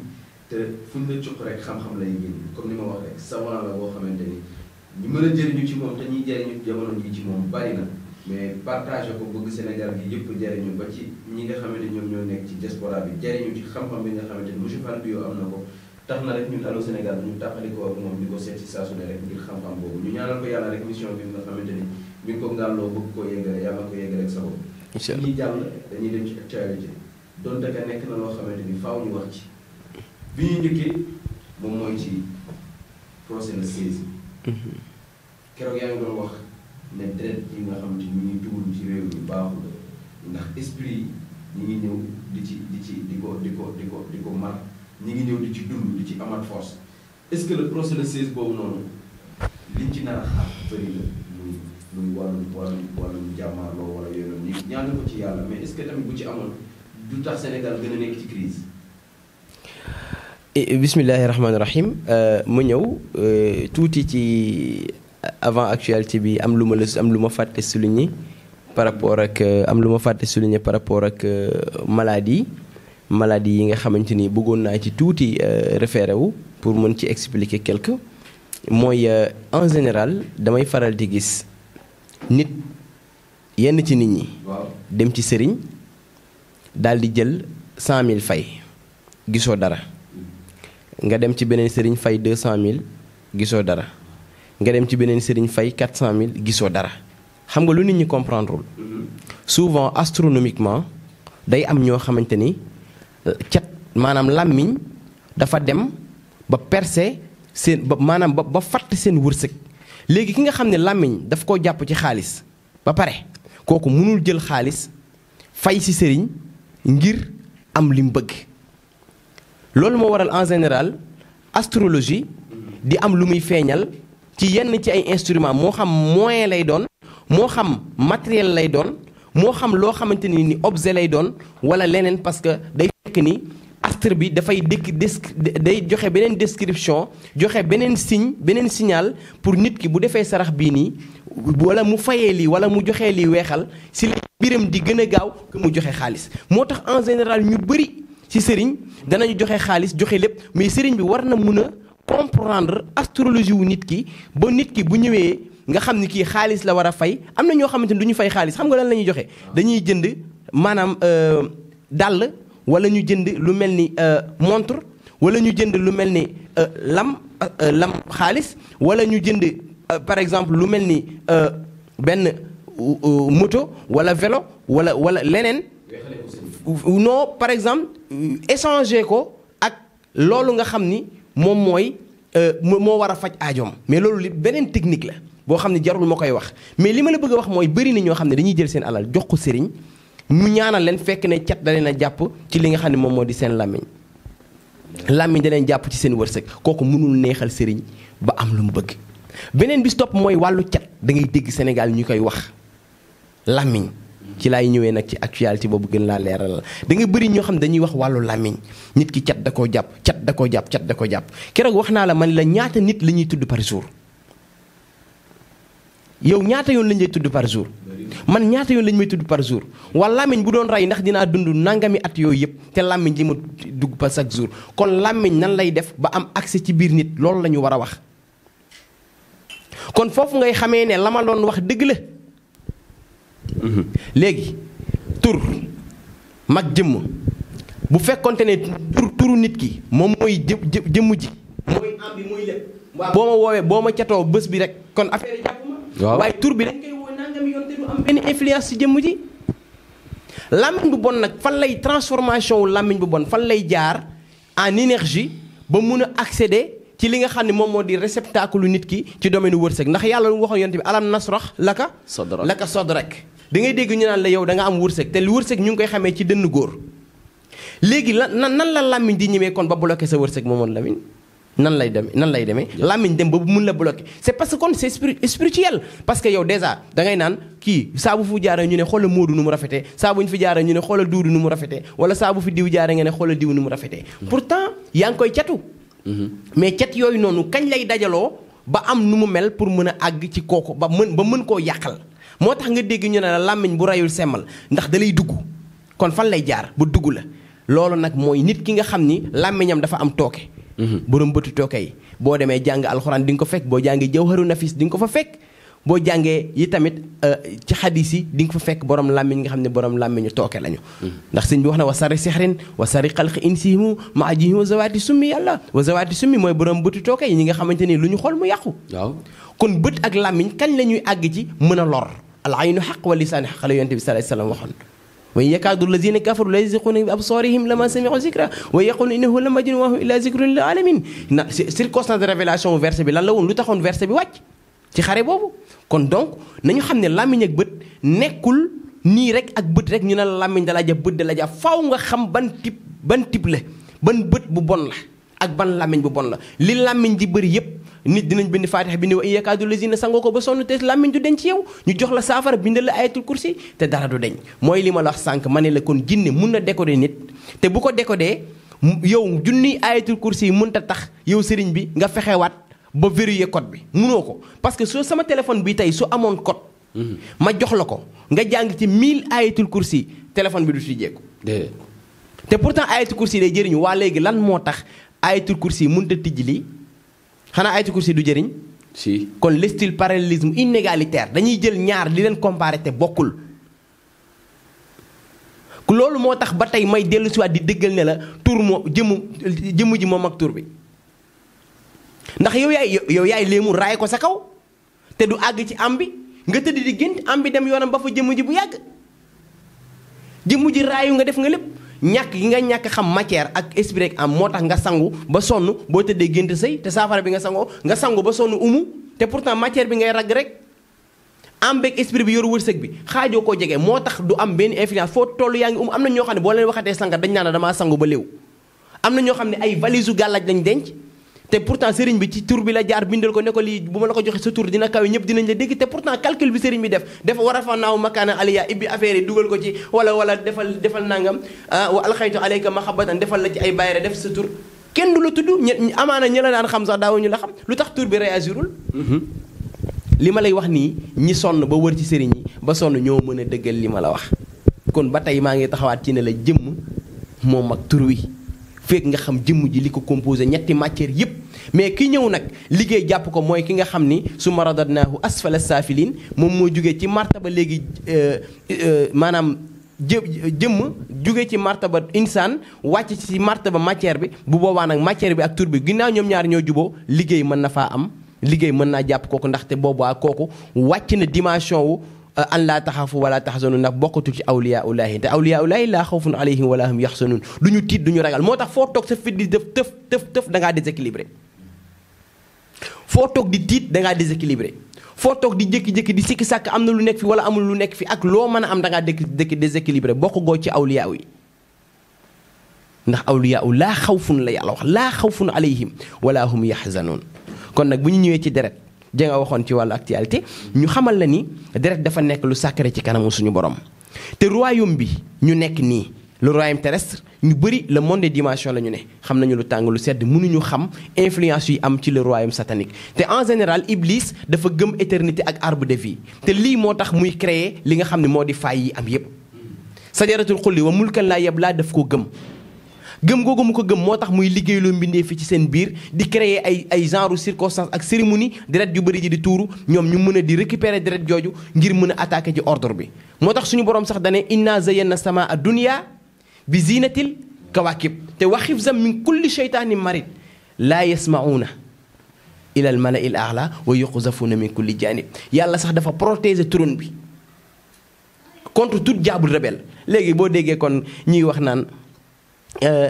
te fu ñu la cuq rek xam-xam la génn comme ni ma wax rek savant la boo xamante ni ñu mën a jëriñu ci moom te ñuy jëriñu jamono ji ci moom bari na mais partagé ko bëgg Sénégal gi yëpp jëriñu ba ci ñi nga xamante ñoom ñoo nekk ci diaspora bi jëriñu ci xam-xam bi nga xamante ni monsieur na na ñun Allô Sénégal ñu tàqalikoo ak moom di ko seet si saa su ne rek ngir xam-xam boobu ñu ñaanal ko yàlla rek mission bi nga xamante ni mi ko ngàlloo bëgg koo yëgale yàlla ko yëgale ak sa bopp ñuy jàll dañuy dem ci actualité donte ka nekk na loo xamante ni faaw ñu wax ci bi ñu njëkkee moom mooy ci procès de saisie. Mhm. keroog yaa ngi doon wax ne deret yi nga xam ne ñu ngi dugg ci réew mi baax ndax esprit yi ñu ngi ñëw di ci di ci di ko di ko di ko di ko mar ñu ngi ñëw di ci dund di ci amat force est-ce que le procès de saisie boobu noonu liñ ci nar a wa bëri la muy muy wàllum wàllum wàllum jàmmaarloo wala yooyu noonu ñu ñaan ko ci yàlla mais est que tamit bu ci amoon du taa Sénégal gën a nekk ci crise Eh, bismillahi rahmaani rahim euh, mu ñëw euh, tuuti ci avant actualité bi am lu ma la am lu ma fàtte souligner par rapport ak euh, am lu ma fàtte souligner par rapport ak maladie maladie yi nga xamante ni bëggoon naa ci tuuti référé wu pour mën ci expliquer quelque mooy en général damay faral di gis nit yenn ci nit ñi. dem ci sëriñ daal di jël mille fay gisoo dara. nga dem ci beneen sëriñ fay 200000 gisoo dara nga dem ci beneen sëriñ fay 400000 gisoo dara xam nga lu nit ñi comprendrewul souvent astronomiquement day am ñoo xamante ni euh, cat maanaam làmmiñ dafa dem ba percer seen ba maanaam ba ba fàtte seen wërsëg léegi ki nga xam ne làmmiñ daf koo jàpp ci xaalis ba pare kooku mënul jël xaalis fay si sëriñ ngir am li bëgg loolu moo waral en général astrologie di am lu muy feeñal ci yenn ci ay instruments moo xam moyen lay doon moo xam matériel lay doon moo xam loo xamante ni ni objet lay doon wala leneen parce que day fekk ni astre bi dafay dëkk day joxe beneen description joxe beneen sign beneen signal pour nit ki bu defee sarax bii nii wala mu fayee lii wala mu joxe lii weexal si la mbiram di gën a gaaw que mu joxe xaalis moo tax en général ñu bari ci sëriñ danañu joxe xaalis joxe lépp mais sëriñ bi war na mun a comprendre astrologie wu nit ki ba nit ki bu ñëwee nga xam ni kii xaalis la war a fay am na ñoo xamante ni du ñu fay xaalis xam nga lan la joxe. dañuy jënd maanaam euh, dàll wala ñu jënd lu mel ni euh, montre wala ñu jënd lu mel ni euh, lam lam xaalis wala ñu jënd par exemple lu mel ni benn moto wala velo wala wala leneen. ou non par exemple échanger ko ak loolu nga xam ni moom mooy euh, moo war a faj aajoom mais loolu li beneen technique la boo xam ne jarul ma koy wax mais li ma la bëgg a wax mooy bari na ñoo xam ne dañuy jël seen alal jox ko sëriñ mu ñaanal leen fekk ne cet da leen a jàpp ci li nga xam ne moom moo di seen làmmiñ làmmiñ da jàpp ci seen wërsëg kooku mënul neexal sëriñ ba am lu mu bëgg beneen bi si mooy wàllu cat da ngay dégg Sénégal ñu koy wax làmmiñ ci laay ñëwee nag ci actualité boobu gën laa leeralal da nga bëri ñoo xam dañuy wax wàllu làmmiñ nit ki cat da koo jàpp cat da koo jàpp cat da koo jàpp keroog wax naa la man la ñaata nit la ñuy tudd par jour yow ñaata yoon lañ lay tudd par jour man ñaata yoon lañ may tudd par jour wala làmmiñ bu doon rey ndax dinaa dund nangami at yooyu yëpp te làmmiñ li ma dugg ba chaque jour kon làmmiñ nan lay def ba am accès ci biir nit loolu la ñu war a wax kon foofu ngay xamee ne la ma doon wax dëgg léegi tur mag jëmm bu fekkonte ne tur turu nit ki moom mooy jë jëmm ji. mooy am bi boo ma woowee boo ma bi rek kon affaire yi bi dañ koy woo nangami yoon te jëmm ji. làmmiñ bu bon nag fan lay transformation wu làmmiñ bu bon fan lay jaar en énergie ba mun a accéder ci li nga xam ne moom moo di réceptacle nit ki ci domaine wërsëg ndax yàlla lu wax yonte bi alam nasrax laka. sod rek laka sod rek. da ngay dégg ñu naan la yow danga am wërsëg te wërsëg ñu ngi koy xamee ci dënn góor léegi lan nan la làmmiñ di ñemee kon ba bloqué sa wërsëg moomoon làmmiñ nan lay demee nan lay demee làmmiñ dem ba mun la bloqué c'est parce que kon c'est spirituel parce que yow déjà da ngay naan kii saa bu fu jaaree ñu ne xoolal Moodu nu mu rafete saa buñ fi jaaree ñu ne xoolal Duudu nu mu rafetee wala saa fi diw jaaree nga ne xoolal diw nu mu rafetee mm-hmm. pourtant yaa ngi koy catu mm-hmm. mais cat yooyu noonu kañ lay dajaloo ba am nu mu mel pour mën a àgg ci kooku ba mën ba mën koo yàqal moo tax nga dégg ñu ne la làmmiñ bu reyul semmal ndax da lay dugg kon fan lay jaar bu dugg la loolu nag mooy nit ki nga xam ni làmmiñam dafa am tooke. Mhm. borom bëtu tooke yi boo demee jàng alxuraan di nga ko fekk boo jàngi jawharu nafis di nga ko fa fekk. boo jàngee yi tamit euh, ci xadis yi di nga fa fekk borom làmmiñ nga xam ne borom làmmiñu tooke lañu. ndax sëñ bi wax na wa sari sixrin wa sari xalqi insihimu ma ajihimu wa zawaati summi yàlla wa zawaati summi mooy borom bëtu tooke yi ñi nga xamante ni lu ñu xool mu yàqu. waaw kon bët ak làmmiñ kañ la ñuy àgg ci mën a lor al aynu xaq wa lisaani xaq la yonent bi sallallahu alayhi wasallam waxoon. wa yakaadu lazina kafaru la yasiquuna bi absaarihim lama samiu zikra wa yaqulu innahu la majnun wa hum ila zikrun lil alamin na circonstance de révélation verset bi lan la woon lu taxoon verset bi wàcc ci xare boobu kon donc nañu xam ne làmmiñ ak bët nekkul nii rek ak bët rek ñu ne la làmmiñ dala ja bët dala ja faw nga xam ban type ban type la ban bët bu bon la ak ban làmmiñ bu bon la li làmmiñ di bëri yépp nit dinañ bind faatixa bi ni wa iyakaadu lazina sangoo ko ba sonn te làmmiñ du ci yow ñu jox la saafara bind la ayatul kursi te dara du deñ mooy li ma la wax sànq ma ne la kon jinne mun na décoder nit te bu ko décoder yow junniy ayatul kursi yi mënta tax yow sëriñ bi ba vérifier code bi munoo ko parce que su sama téléphone bi tey su amoon code. ma jox la ko nga jàng ci 1000 ayatul kursi téléphone bi du ci jéego. te pourtant ayatul kursi day jëriñu waa léegi lan moo tax ayatul kursi mënut a tijji lii xanaa ayatul kursi du jëriñ. si kon l'estil parallélisme inégalitaire dañuy jël ñaar li leen comparé te bokkul. loolu moo tax ba tey may dellu siwaat di dëggal ne la tur moo jëmu jëmu ji moom ak tur bi. ndax yow yaay yow yaay léemu raay ko sa kaw te du àgg ci am bi nga tëdd di gént am bi dem yoonam ba fa jëmm ji bu yàgg jëmm ji raayu nga def nga lépp ñàkk gi nga ñàkk xam matière ak esprit ak am moo tax nga sangu ba sonn boo tëddee gént sëy te saafara bi nga sangoo nga sangu ba sonn umu te pourtant matière bi ngay ragg rek am beeg esprit bi yoru wërsëg bi xaajoo ko jege moo tax du am benn influence foo toll yaa ngi umu am na ñoo xam ne boo leen waxatee sangat dañ naan damaa sangu ba léew am na ñoo xam ne ay valise u gàllaaj lañ denc te pourtant sëriñ bi ci tur bi la jaar bindal ko ne ko lii bu ma la ko joxe sa tur dina kawe ñëpp dinañ la dégg te pourtant calcul bi sëriñ bi def dafa war a fa naaw makaana aliya ibbi affaire yi dugal ko ci wala wala defal defal nangam ah, wa alxaytu aleyka mahabatan defal la ci ay bayre def sa tur kenn du la tudd ñu amaana ñi la daan xam sax daawuñu la xam lu tax tur bi réagirul mm-hmm. li ma lay wax nii ñi sonn ba wër ci sëriñ yi ba sonn ñoo mën a dëggal li ma la wax kon ba tey maa ngi taxawaat ci ne la jëmm moom ak tur wi fekk nga xam jëmm ji li ko composé ñetti matière yépp mais ki ñëw nag liggéey jàpp ko mooy ki nga xam ni su ma radadnaahu asfala saafiliin moom moo jugee ci martaba léegi euh, euh, maanaam jë jëmm jugee ci martaba insaan wàcc ci ba matière bi bu boobaa nag matière bi ak tur bi ginnaaw ñoom ñaar ñoo juboo liggéey mën na faa am liggéey mën naa jàpp kooku ndaxte boobaa kooku wàcc na dimension wu an laa taxafu wala taxzanu ndax bokkatu ci awliyaa ullaahi te awliyaa laa xawfun alayhim wala hum yaxsanun du ñu tiit du ñu ragal moo tax foo toog sa di def tëf tëf tëf da ngaa déséquilibré toog di tiit da ngaa déséquilibré foo toog di jékki di sikki sàkk am na lu nekk wala amul lu nekk fi loo mën am da ngaa dëkk dëkk déséquilibré bokk goo ci awliyaa yi ndax awliyaa laa xawfun la yàlla wax laa xawfun alayhim wala hum yaxsanun kon nag bu ñu ñëwee ci deret ja nga waxoon ci wàllu actualité ñu xamal la ni deret dafa nekk lu sacré ci kanamu suñu borom te royaume bi ñu nekk nii le royaume terrestre ñu bëri le monde des dimensions la ñu ne xam nañu lu tàng lu sedd mënuñu xam influence yi am ci le royaume satanique te en général Iblis dafa gëm éternité ak arbre de vie te lii moo tax muy créer li nga xam ne moo di faay yi am yépp sajaratul xulli wa mulkan laa yab laa daf koo gëm gëm googu mu ko gëm moo tax muy liggéey liggéeyloo mbindee fi ci seen biir di créer ay ay genre circonstance ak cérémonie deret yu bëri ji di tuuru ñoom ñu mën a di récupérer deret jooju ngir mën a attaqué ci ordre bi moo tax suñu borom sax dane inna zayanna sama a dunya bi zinatil kawakib te wa xifzan min kulli sheytaani marid laa yasmauna ila al mala il aala wa yuqzafuna min kulli janib yàlla sax dafa protéger trône bi contre toute diable rebelle léegi boo déggee kon ñuy Euh,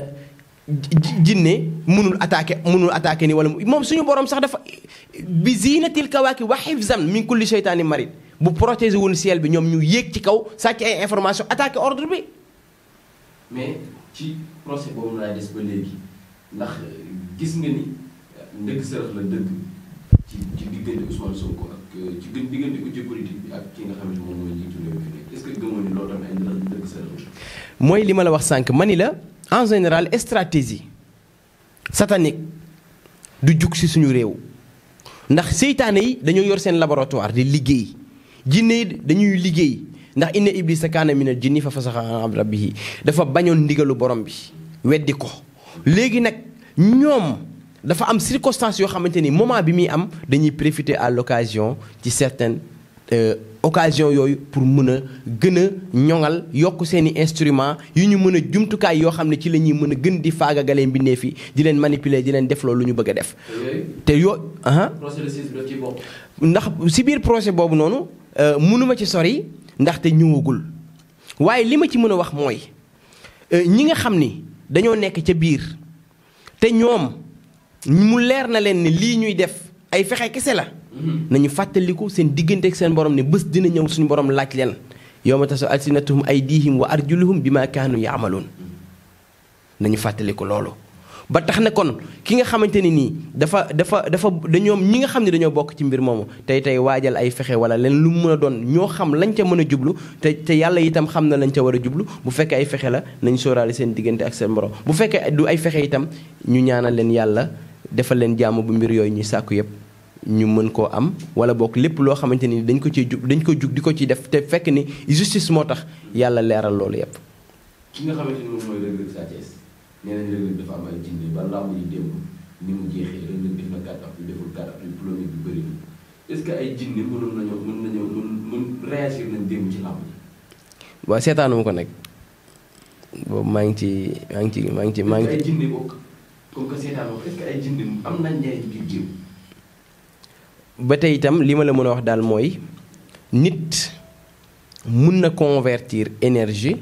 jinne mënul attaqué mënul attaqué nii wala moom suñu borom sax dafa bi ziinatil kawaaki wa hifzan min kulli shaytaani marid bu protégé wul ciel bi ñoom ñu yéeg ci kaw sàcc ay information attaqué ordre bi. mais ci procès boobu laay des ba léegi ndax gis nga ni ndëgg sërëx la dëgg ci ci diggante Ousmane Sonko ak ci diggante ko ci bi ak ki nga xam ne moom mooy jiitu réew mi est-ce que gëmoo ni loolu tamit ay ndëgg sërëx mooy li ma la wax sànq mani la. en général stratégie satanique du jug ci suñu réew ndax seytaane yi dañoo yor seen laboratoire di liggéey jinne yi dañuy liggéey ndax inna iblisa kaana minal jinni fa fasaxa an rabbihi dafa bañoon ndigalu borom bi weddi ko léegi nag ñoom dafa am circonstance yoo xamante ni moment bi muy am dañuy préfité à l'occasion ci certaines euh, occasion yooyu pour mun a gën a ñoŋal yokk seen i instrument yu ñu mën a jumtukaay yoo xam ne ci la ñuy mën a gën di faagagalee mbindeef yi di leen manipuler di leen def loolu lu ñu bëgg def. te yoo ah. ndax si biir projet boobu noonu euh, mënuma ci sori ndaxte ñëwagul waaye li ma ci mën a wax mooy euh, ñi nga xam ni dañoo nekk ca biir te ñoom mu leer na leen ni lii ñuy def ay fexe kese la. Mm-hmm. nañu fàttaliku seen diggante ak seen borom ne bés dina ñëw suñu borom laaj leen yow ma yawma tasu alsinatuhum aydihim wa bi bima kaanu yaamaloon nañu fàttaliku loolu ba tax na kon ki nga xamante ne nii dafa dafa dafa dañoom ñi nga xam ne dañoo bokk ci mbir moomu tey tey waajal ay fexe wala leen lu mu mën a doon ñoo xam lañ ca mën a jublu te te yàlla itam xam na lañ ca war a jublu bu fekkee ay fexe la nañu sóoraale seen diggante ak seen borom bu fekkee du ay fexe itam ñu ñaanal leen yàlla defal leen jàmm bu mbir yooyu ñuy sàkku yëpp ñu mën koo am wala boog lépp loo xamante ni dañ ko ciy jub dañ ko jug di ko ciy def te fekk ni justice moo tax yàlla leeral loolu yépp ki nga xamante ni moom mooy Reug Reug Sa Thiès nee nañ ay jinne ba ni mu jeexee Reug Reug nañ démb ci làmb yi. waaw seetaanu ko nag boobu maa ngi ci maa ngi ci maa ngi ci maa ngi ci. ay jinne bokk comme que seetaanu est-ce que ay jinne am nañ ba tey itam li ma la mën a wax daal mooy nit mën na convertir énergie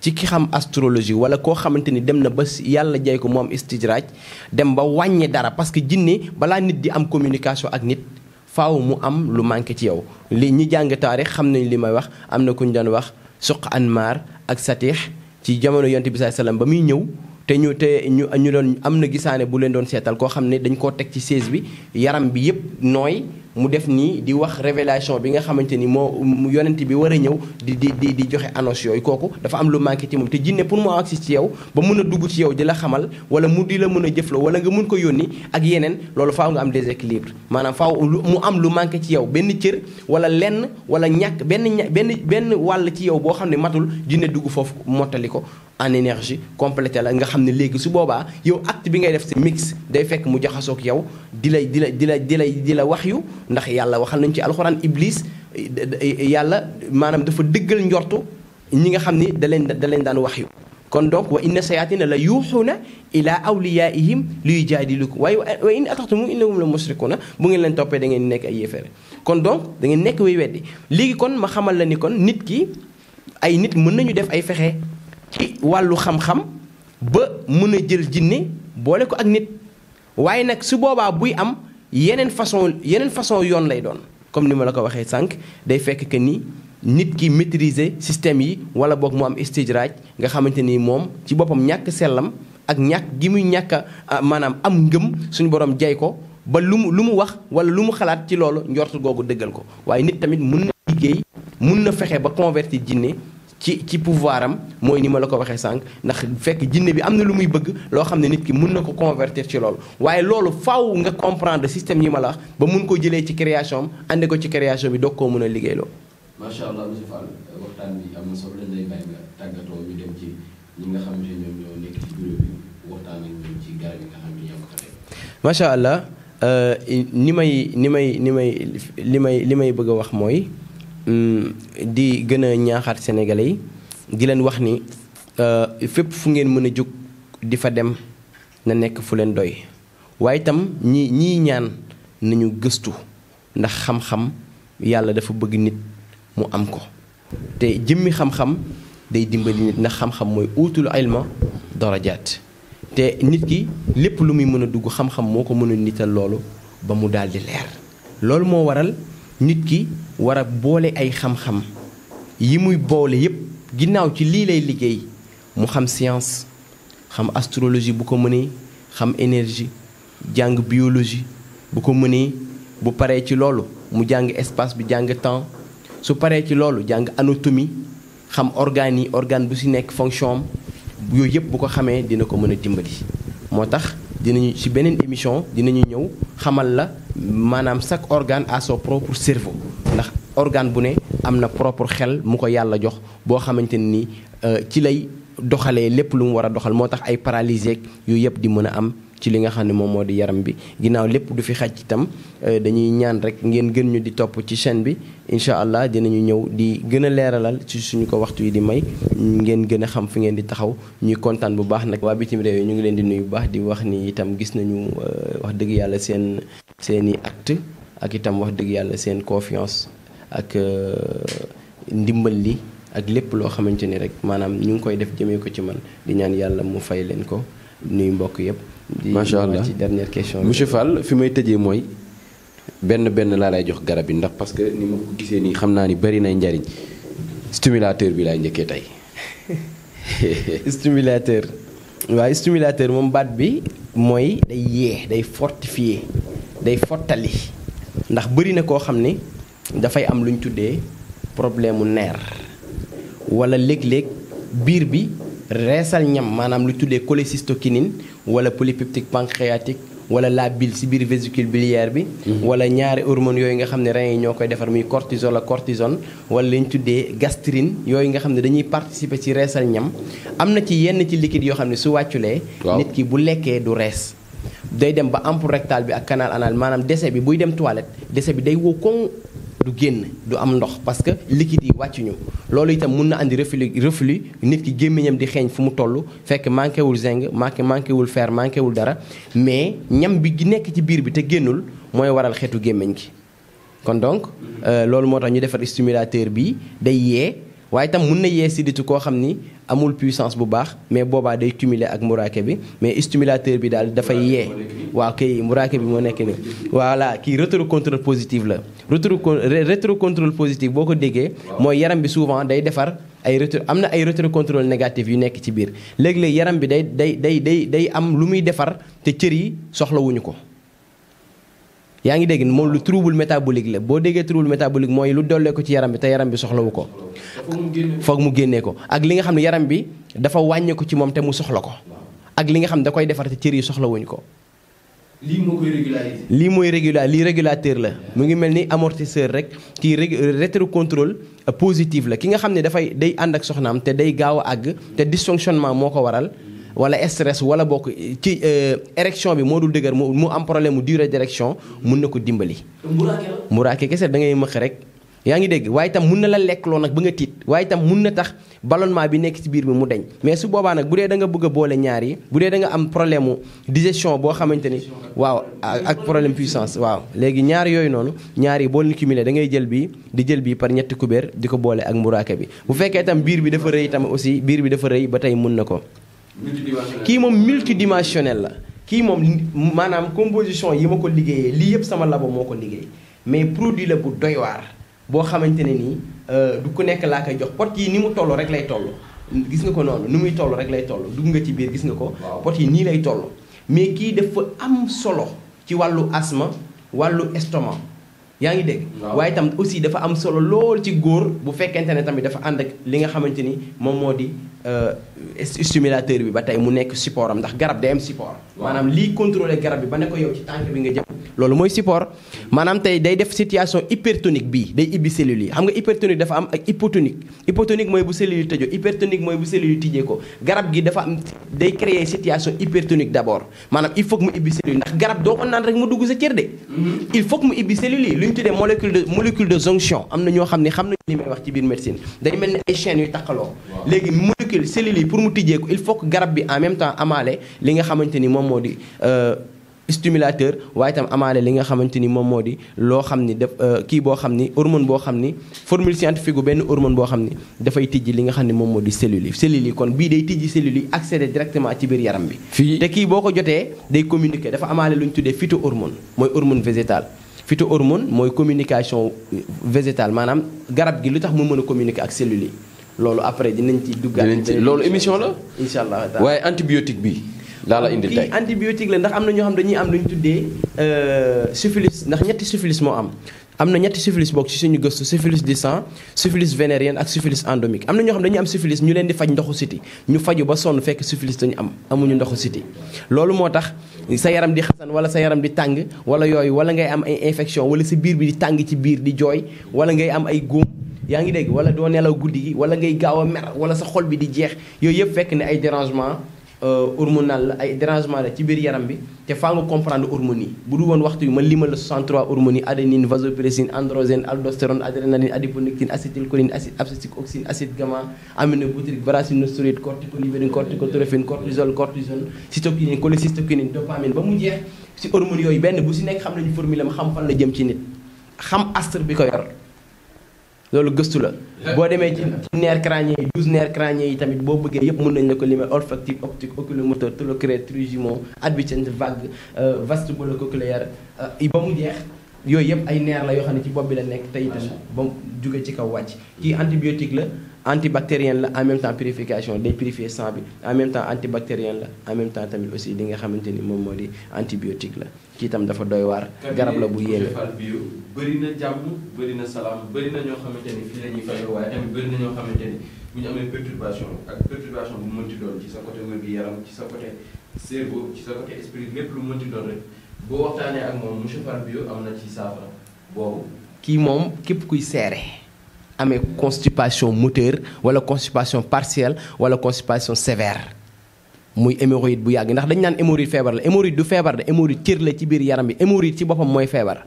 ci ki xam astrologie wala koo xamante ni dem na ba yàlla jay ko moom istijraaj dem ba wàññee dara parce que jinne balaa nit di am communication ak nit faw mu am lu manqué ci yow li ñi jàng taarix xam nañ li may wax am na ku ñu doon wax suq anmar ak satix ci jamono yonte bi saai ba muy ñëw te ñu te ñu ñu doon am na gisaane bu leen doon seetal koo xam ne dañ koo teg ci siège bi yaram bi yëpp nooy mu def nii di wax révélation bi nga xamante ni moo yonent bi war a ñëw di di di di joxe annonce yooyu kooku dafa am lu manqué ci moom te jinne pour mu agsi ci yow ba mun a dugg ci yow di xamal wala mu di la mën a jëfloo wala nga mun ko yónni ak yeneen loolu faaw nga am déséquilibre maanaam faaw mu am lu manqué ci yow benn cër wala lenn wala ñàkk benn benn benn wàll ci yow boo xam ne matul jinne dugg foofu mottali ko en énergie complété la nga xam ne léegi su boobaa yow acte bi ngay def si mix day fekk mu jaxasoog yow di lay di la di la di lay di la wax yu ndax yàlla waxal nañ ci alxuraan iblis yàlla maanaam dafa dëggal njortu ñi nga xam ni da leen da leen daan wax yu kon donc wa inna sayaatina la yuuxuuna ila awliyaihim luy jaar di lu jaadiluku waaye wa in ataxtumu innahum la na bu ngeen leen toppee dangeen nekk ay yéefere kon donc da ngeen nekk way weddi léegi kon ma xamal la ni kon nit ki ay nit mën nañu def ay fexe ci wàllu xam-xam ba mën a jël jinne boole ko ak nit waaye nag su boobaa buy am yeneen façon yeneen façon yoon lay doon comme ni ma la ko waxee sànq day fekk que ni nit ki maîtriser système yi wala boog mu am istijraaj nga xamante ni moom ci boppam ñàkk sellam ak ñàkk gi muy ñàkk a maanaam am ngëm suñu borom jay ko ba lu mu lu mu wax wala lu mu xalaat ci loolu njort googu dëggal ko waaye nit tamit mun na liggéey mun na fexe ba convertir jinne ci ci pouvoir am mooy ni ma la ko waxee sànq ndax fekk jinne bi am na lu muy bëgg loo xam ne nit ki mun na ko convertir ci lool waaye loolu faaw nga comprendre système yi ma la ba mun ko jëlee ci création am ànde ko ci création bi doog koo mën a liggéeyloo. macha allah monsieur dem ci ñi allah euh, ni may ni may ni may li may li may bëgg a wax mooy. Mm, di gën a ñaaxaat sénégalais yi di leen wax ni euh, fépp fu ngeen mën a jóg di fa dem na nekk fu leen doy waaye tam ñi ñii ñaan nañu gëstu ndax xam-xam yàlla dafa bëgg nit mu am ko te jëmmi xam-xam day dimbali nit ndax xam-xam mooy uutul ilma darajaat te nit ki lépp lu muy mën a dugg xam-xam moo ko mën a nital loolu ba mu daal leer loolu moo waral nit ki war a boole ay xam-xam yi muy boole yépp ginnaaw ci lii lay liggéey mu xam science xam astrologie bu ko mënee xam énergie jàng biologie bu ko mënee bu paree ci loolu mu jàng espace bi jàng temps su paree ci loolu jàng anatomie xam organes yi organe bu si nekk fonction am yooyu yëpp bu ko xamee dina ko mën a dimbali moo tax dinañu ci beneen émission dinañu ñëw xamal la maanaam chaque organe a son propre cerveau ndax organe bu ne am na propre xel mu ko yàlla jox boo xamante ni euh, ci lay doxalee lépp lu mu war a doxal moo tax ay paralysé yooyu yëpp di mën a am ci li nga xam ne moom moo di yaram bi ginnaaw lépp du fi xaj itam euh, dañuy ñaan rek ngeen gën ñu di topp ci chaîne bi incha allah dinañu ñëw di gën a leeralal ci suñu ko waxtu yi di may ngeen gën a xam fi ngeen di taxaw ñuy kontaan bu baax nag waa bitim réew yi ñu ngi leen di nuyu bu baax di wax ni itam gis nañu euh, wax dëgg yàlla seen seeni acte ak itam wax dëgg yàlla seen confiance ak euh, ndimbal li ak lépp loo xamante ni rek maanaam ñu ngi koy def jëmee ko ci man di ñaan yàlla mu fay leen ko nuyu mbokk yépp macha allah ci question monsieur fi may tëjee mooy benn benn laa lay jox garab yi ndax parce que ni ma ko gisee nii xam naa ni bari nay njariñ stimulateur bi laay njëkkee tey. stimulateur waaye stimulateur moom baat bi mooy day yee day fortifier day fottali ndax bëri na koo xam ni dafay am lu ñu tuddee problème mu nerf wala léeg-léeg biir bi. reesal ñam maanaam lu tuddee cholécystokinine wala polypeptide pancréatique wala la bile ci biir vésicule biliaire bi. Mhm. wala ñaari hormones yooyu nga xam ne reins yi ñoo koy defar muy cortisol ak cortisone. wala li ñu tuddee gastrin yooyu nga xam ne dañuy participer ci reesal ñam am na ci yenn ci liquide yoo xam ne su wàcculee. nit ki bu lekkee du rees. day dem ba ampoule rectale bi ak kanaal anaal maanaam déchet bi buy dem toilette déchet bi day wow du génn du am ndox parce que liquide yi wàccuñu loolu itam mun na indi reflux reflux nit ki gémmiñam di xeeñ fu mu toll fekk manqué wul zinc manqué manqué wul fer manqué wul dara mais ñam bi nekk ci biir bi te génnul mooy waral xeetu gémmiñ gi kon donc euh, loolu moo tax ñu defar stimulateur bi day yee waaye itam mun na yee siditu koo xam ni amul puissance bu baax mais boobaa day cumuler ak muraake bi mais stimulateur bi daal dafay yee waa kay muraake bi moo nekk ni voilà kii rétrocontrôle positive la rétrocontrôle positif boo ko déggee mooy yaram bi souvent day defar ay rétro am na ay rétrocontrôle négatif yu nekk ci biir léegi léeg yaram bi day day day day day am lu muy defar te cër yi soxlawuñu ko yaa ngi dégg moom lu trouble métabolique la boo déggee trouble métabolique mooy lu dollee ko ci yaram bi te yaram bi soxlawu ko. foog mu génnee ko ak li nga xam ne yaram bi dafa wàññeeku ci moom te mu soxla ko. ak li nga xam ne da koy defar te cër yi soxlawuñu ko. lii lii mooy régula lii régulateur la mu ngi mel ni amortisseur rek kii rétrocontrôle positif la ki nga xam ne dafay day ànd ak soxnaam te day gaaw a àgg te dysfonctionnement moo ko waral. wala stress wala bokk ci euh, érection bi moo dul dëgër mu am problème mu durée d'érection mun na ko dimbali. mburaake kese da ngay mëq rek. yaa ngi dégg waaye itam mun na la lekkloo nag ba nga tiit waaye itam mun na tax ballonnement bi nekk ci biir bi mu deñ mais su boobaa nag bu dee da nga bëgg a boole ñaar yi bu dee danga am problème mu digestion boo xamante ni waaw ak problème puissance waaw léegi ñaar yooyu noonu ñaar yi boo leen cumulé da ngay jël bi di jë bii par ñetti kubéer di ko boole ak mburaake bi bu fekkee itam biir bi dafa rëy itam aussi biir bi dafa rëy ba tey mun na ko kii moom multidimensionnel la kii moom maanaam composition yi ma ko liggéeyee lii yëpp sama labo moo ko liggéey mais produit la bu doywaar boo xamante ne nii euh, du ku nekk laa koy jox pot yi ni mu toll rek lay toll gis nga ko noonu ni muy toll rek lay toll dugg nga ci biir gis nga ko pot yi nii lay toll mais kii dafa am solo ci wàllu asthme wàllu estomac yaa ngi dégg waaye itam aussi dafa am solo lool ci góor bu fekkente ne tamit dafa ànd ak li nga xamante ni moom moo di Euh, stimulateur bi ba tey mu nekk support ndax garab day am support. maanaam lii contrôler garab bi ba ne ko yow ci tànk bi nga jëm. loolu mooy support maanaam tey day def situation hypertonique bii day ibbi cellules yi xam nga hypertonique dafa am ak hypotonique hypotonique mooy bu cellules yi tëjoo hypertonique mooy bu cellules yi tijjee ko garab gi dafa am day créer situation hypertonique d'abord maanaam il faut que mu ibbi cellules yi ndax garab doo ko naan rek mu dugg sa cër de. Mm-hmm. il faut que mu ibbi cellules yi lu ñu tuddee molécule xam ne xam nañu li wax ci biir médecine day mel ni ay chaînes yu follicule cellules yi pour mu tijjeeku il faut que garab bi en même temps amaale li nga xamante ni moom moo di euh, stimulateur waaye tam amaale li nga xamante ni moom moo di loo xam ni def euh, kii boo xam ni hormone boo xam ni formule scientifique bu benn hormone boo xam ni dafay tijji li nga xam ni moom moo di cellules yi cellules yi kon bii day tijji cellules yi accédé directement ci biir yaram bi te kii boo ko jotee day communiquer dafa amaale lu ñu tuddee phytohormone mooy hormone végétal phytohormone mooy communication euh, végétale maanaam garab gi lu tax mu mën a communiquer ak cellules yi loolu après dinañ ci duggaat. dinañ ci loolu émission la. incha allah waaye antibiotique bi. laa la indi tey antibiotique la ndax am na ñoo xam dañuy am lu ñu tuddee euh, syphilis ndax ñetti syphilis moo am. am na ñetti syphilis bokk ci suñu gëstu syphilis du sang syphilis vénérienne ak syphilis endémique am na ñoo xam dañuy am syphilis ñu leen di faj ndoxu siti ñu faju ba sonn fekk syphilis dañu am amuñu ndoxu siti loolu moo tax sa yaram di xasan wala sa yaram di tàng wala yooyu wala ngay am ay infection wala sa biir bi di tàng ci biir di jooy wala ngay am ay góom yaa ngi dégg wala doo nelaw guddi gi wala ngay gaaw a mer wala sa xol bi di jeex yooyu yëpp fekk ne ay dérangement euh, hormonal la ay dérangement la ci biir yaram bi te faa nga comprendre hormones yi bu du woon waxtu bi ma limal la 63 hormones yi adénine vasopressine androgène aldostérone adrénaline adiponectine acétylcholine acide abscisique oxine acide gamma aminobutyrique brassinosteride corticolibérine corticotrophine cortisol cortisone ba mu jeex si hormones yooyu benn bu si nekk xam nañu formule ko yor loolu gëstu la boo demee ci nerf crânien yi douze nerf crânien yi tamit boo bëggee yëpp mën nañ la ko limal olfactif optique oculomoteur trochléaire trijumeau abducens vague euh, vestibulo-cochléaire euh, ba mu jeex yooyu yëpp ay nerf la yoo xam ne ci bopp bi la nekk te itam ba mu ci kaw wàcc kii antibiotique la antibactérien la en même temps purification day purifier sang bi en même temps antibactérien la en même tamit aussi li nga xamante ni moom moo di antibiotique la kii itam dafa doy waar. garab la bu yéeme bëri na jàmm bëri na salaam bëri na ñoo xamante ni fii ñu amee perturbation ak perturbation bu mënti doon ci sa côté wér-gu-yaram ci sa côté cerveau ci sa côté esprit lépp lu mënti doon rek boo waxtaanee ak moom monsieur Fall Bio am na ci saafara boobu. képp kuy seere. amee constipation moteur wala constipation partielle wala constipation sévère muy hémorroïde bu yàgg ndax dañu naan hémorroïde feebar la hémorroïde du feebar de hémorroïde cër la ci biir yaram bi hémorroïde ci boppam mooy feebar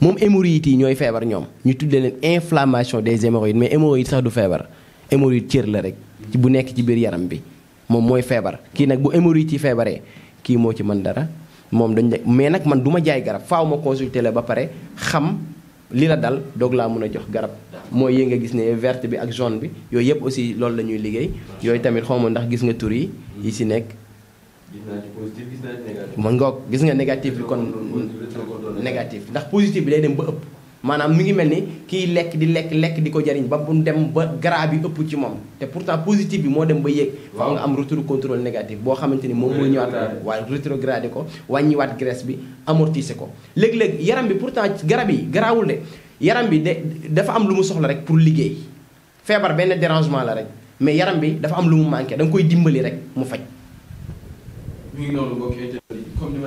moom hémorroïde yi ñooy feebar ñoom ñu tuddee leen inflammation des hémorroïdes mais hémorroïde sax du feebar hémorroïde cër la rek ci bu nekk ci biir yaram bi moom mooy feebar kii nag bu hémorroïde yi feebaree kii moo ci mën dara moom dañ de mais nag man du ma jaay garab faaw ma consulter la ba pare xam li la dal doog laa mën a jox garab mooy yi nga gis ne verte bi ak jaune bi yooyu yëpp aussi loolu la ñuy liggéey yooyu tamit xaw ma ndax gis nga tur yi yi si nekk ma ngoog gis nga négatif bi kon négatif ndax positif bi day dem ba ëpp maanaam mi ngi mel ni kiy lekk di lekk lekk di ko jariñ ba bu dem ba gras bi ëpp ci moom te pourtant positif bi moo dem ba yéeg fa nga am retour contrôle négatif boo xamante ni moom mooy ñëwaat waaye rétrogradé ko wàññiwaat graisse bi amortissé ko léeg-léeg yaram bi pourtant garab yi garaawul de yaram bi de dafa am lu mu soxla rek pour liggéey feebar benn dérangement la rek mais yaram bi dafa am lu mu manqué danga koy dimbali rek mu faj. mi ngi noonu mbokk comme ni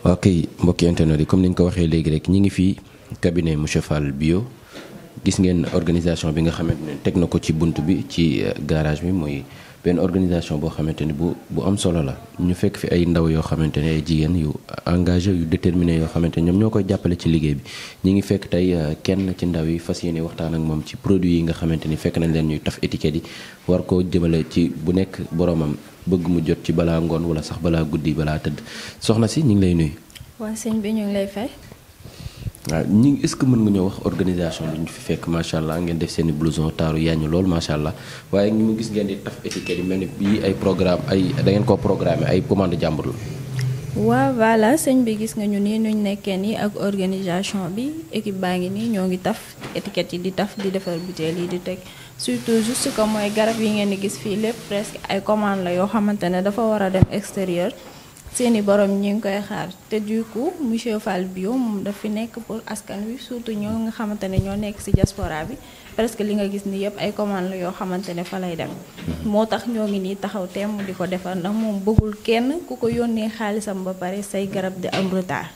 nga mbokki internet yi comme ni nga ko waxee léegi rek ñi ngi fii cabinet monsieur Fall bio gis ngeen organisation bi nga xamante ne teg na ko ci bunt bi ci euh, garage bi mooy. benn organisation boo xamante ni bu bu am solo la ñu fekk fi ay ndaw yoo xamante ne ay jigéen yu engagé yu déterminé yoo xamante ne ñoom ñoo koy jàppale ci liggéey bi ñi ngi fekk tey euh, kenn ci ndaw yi fas yéene waxtaan ak moom ci produit yi nga xamante ni fekk nañ leen ñuy taf étiquette yi war koo jëmale ci bu nekk boromam bëgg mu jot ci balaa ngoon wala sax balaa guddi balaa tëdd soxna si ñu ngi lay nuy waa sëñ bi ñu lay fay. waaw ñi ngi mën nga ñoo wax organisation bi fi fekk macha allah ngeen def seeni i blouson taaru yaañu lool macha allah waaye ñu mu gis ngeen di taf étiquette yi mel ni bii ay programme ay da ngeen koo programmé ay commande jàmbur la. waaw voilà sëñ bi gis nga ñu nii nuñ nekkee nii ak organisation bi équipe baa ngi nii ñoo ngi taf étiquette yi di taf di defar butéel yi di teg surtout juste mooy garab yi ngeen di gis fii lépp presque ay commande la yoo xamante ne dafa war a dem extérieur. seeni borom ñu ngi koy xaar te du coup monsieur Fall Bio moom daf fi nekk pour askan wi surtout ñoo nga xamante ne ñoo nekk ci diaspora bi presque li nga gis ni yëpp ay commande yoo xamante ne fa lay dem mm-hmm. moo tax ñoo ngi nii taxaw temm di ko defar ndax moom bëggul kenn ku ko yónnee xaalisam ba pare say garab di am retard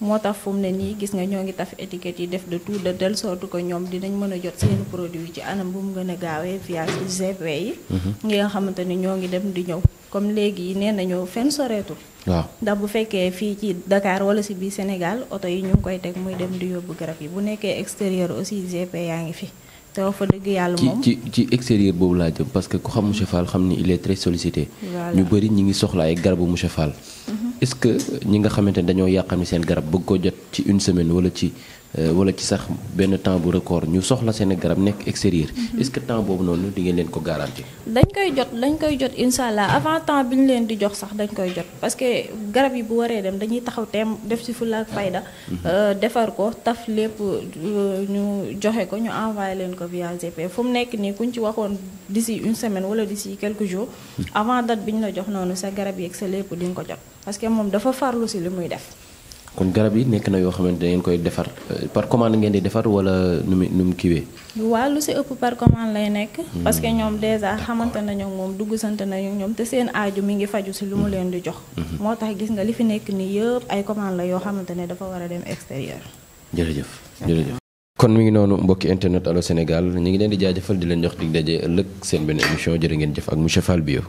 moo tax fu mu ne nii gis nga ñoo ngi taf étiquette yi def de tout de telle sorte ko ñoom dinañ mën a jot seen produit ci anam bu mu gën a gaawee via GP yi. ngi mm-hmm. nga xamante ne ñoo ngi dem di ñëw. comme léegi nee nañu fenn soreetul. waaw ndax bu fekkee fii ci Dakar wala si biir Sénégal oto yi ñu ngi koy teg muy dem di yóbbu garab yi bu nekkee extérieur aussi GP yaa ngi fi. te wax fa dëgg yàlla moom ci ci ci extérieur boobu laa parce que ku xam monsieur Fall xam ni il est très sollicité. ñu bëri ñi ngi soxla ay garabu monsieur Fall. Mhm. est-ce que ñi nga xamante ne dañoo yàqam ni seen garab bëgg ko jot ci une semaine wala ci. Euh, wala ci sax benn temps bu record ñu soxla seen garab nekk extérieur. Mhm. est-ce temps boobu noonu di ngeen leen ko garanti. dañ koy jot dañ koy jot incha allah avant temps bi ñu leen di jox sax dañ koy jot parce que garab yi bu waree dem dañuy taxaw teem def ci fulla ak fayda. Mhm. Euh, defar ko taf lépp euh, ñu joxe ko ñu envoyé leen ko via GP fu mu nekk nii kuñ ci waxoon d'ici une semaine wala d'ici quelques jours mhm. avant date bi ñu la jox noonu sa garab yeeg sa lépp di nga ko jot parce que moom dafa farlu si li muy def. kon garab yi nekk na yoo xamante da ngeen koy defar euh, par commande ngeen di defar wala nu mu nu mu kiiwee. waaw lu si ëpp par commande lay nekk. Hmm. parce que ñoom dèjà xamante nañu moom dugg sant nañu ñoom te seen aaju mi ngi faju si lu mu hmm. leen di jox. Hmm. moo tax gis nga li fi nekk nii yëpp ay commande la yoo xamante ne dafa war a dem extérieur. jërëjëf jërëjëf. kon mi ngi noonu mbokki internet Allô Sénégal ñu ngi leen di jaajëfal di leen jox dig daje ëllëg seen benn émission jërë ngeen jëf ak monsieur Fall Bio.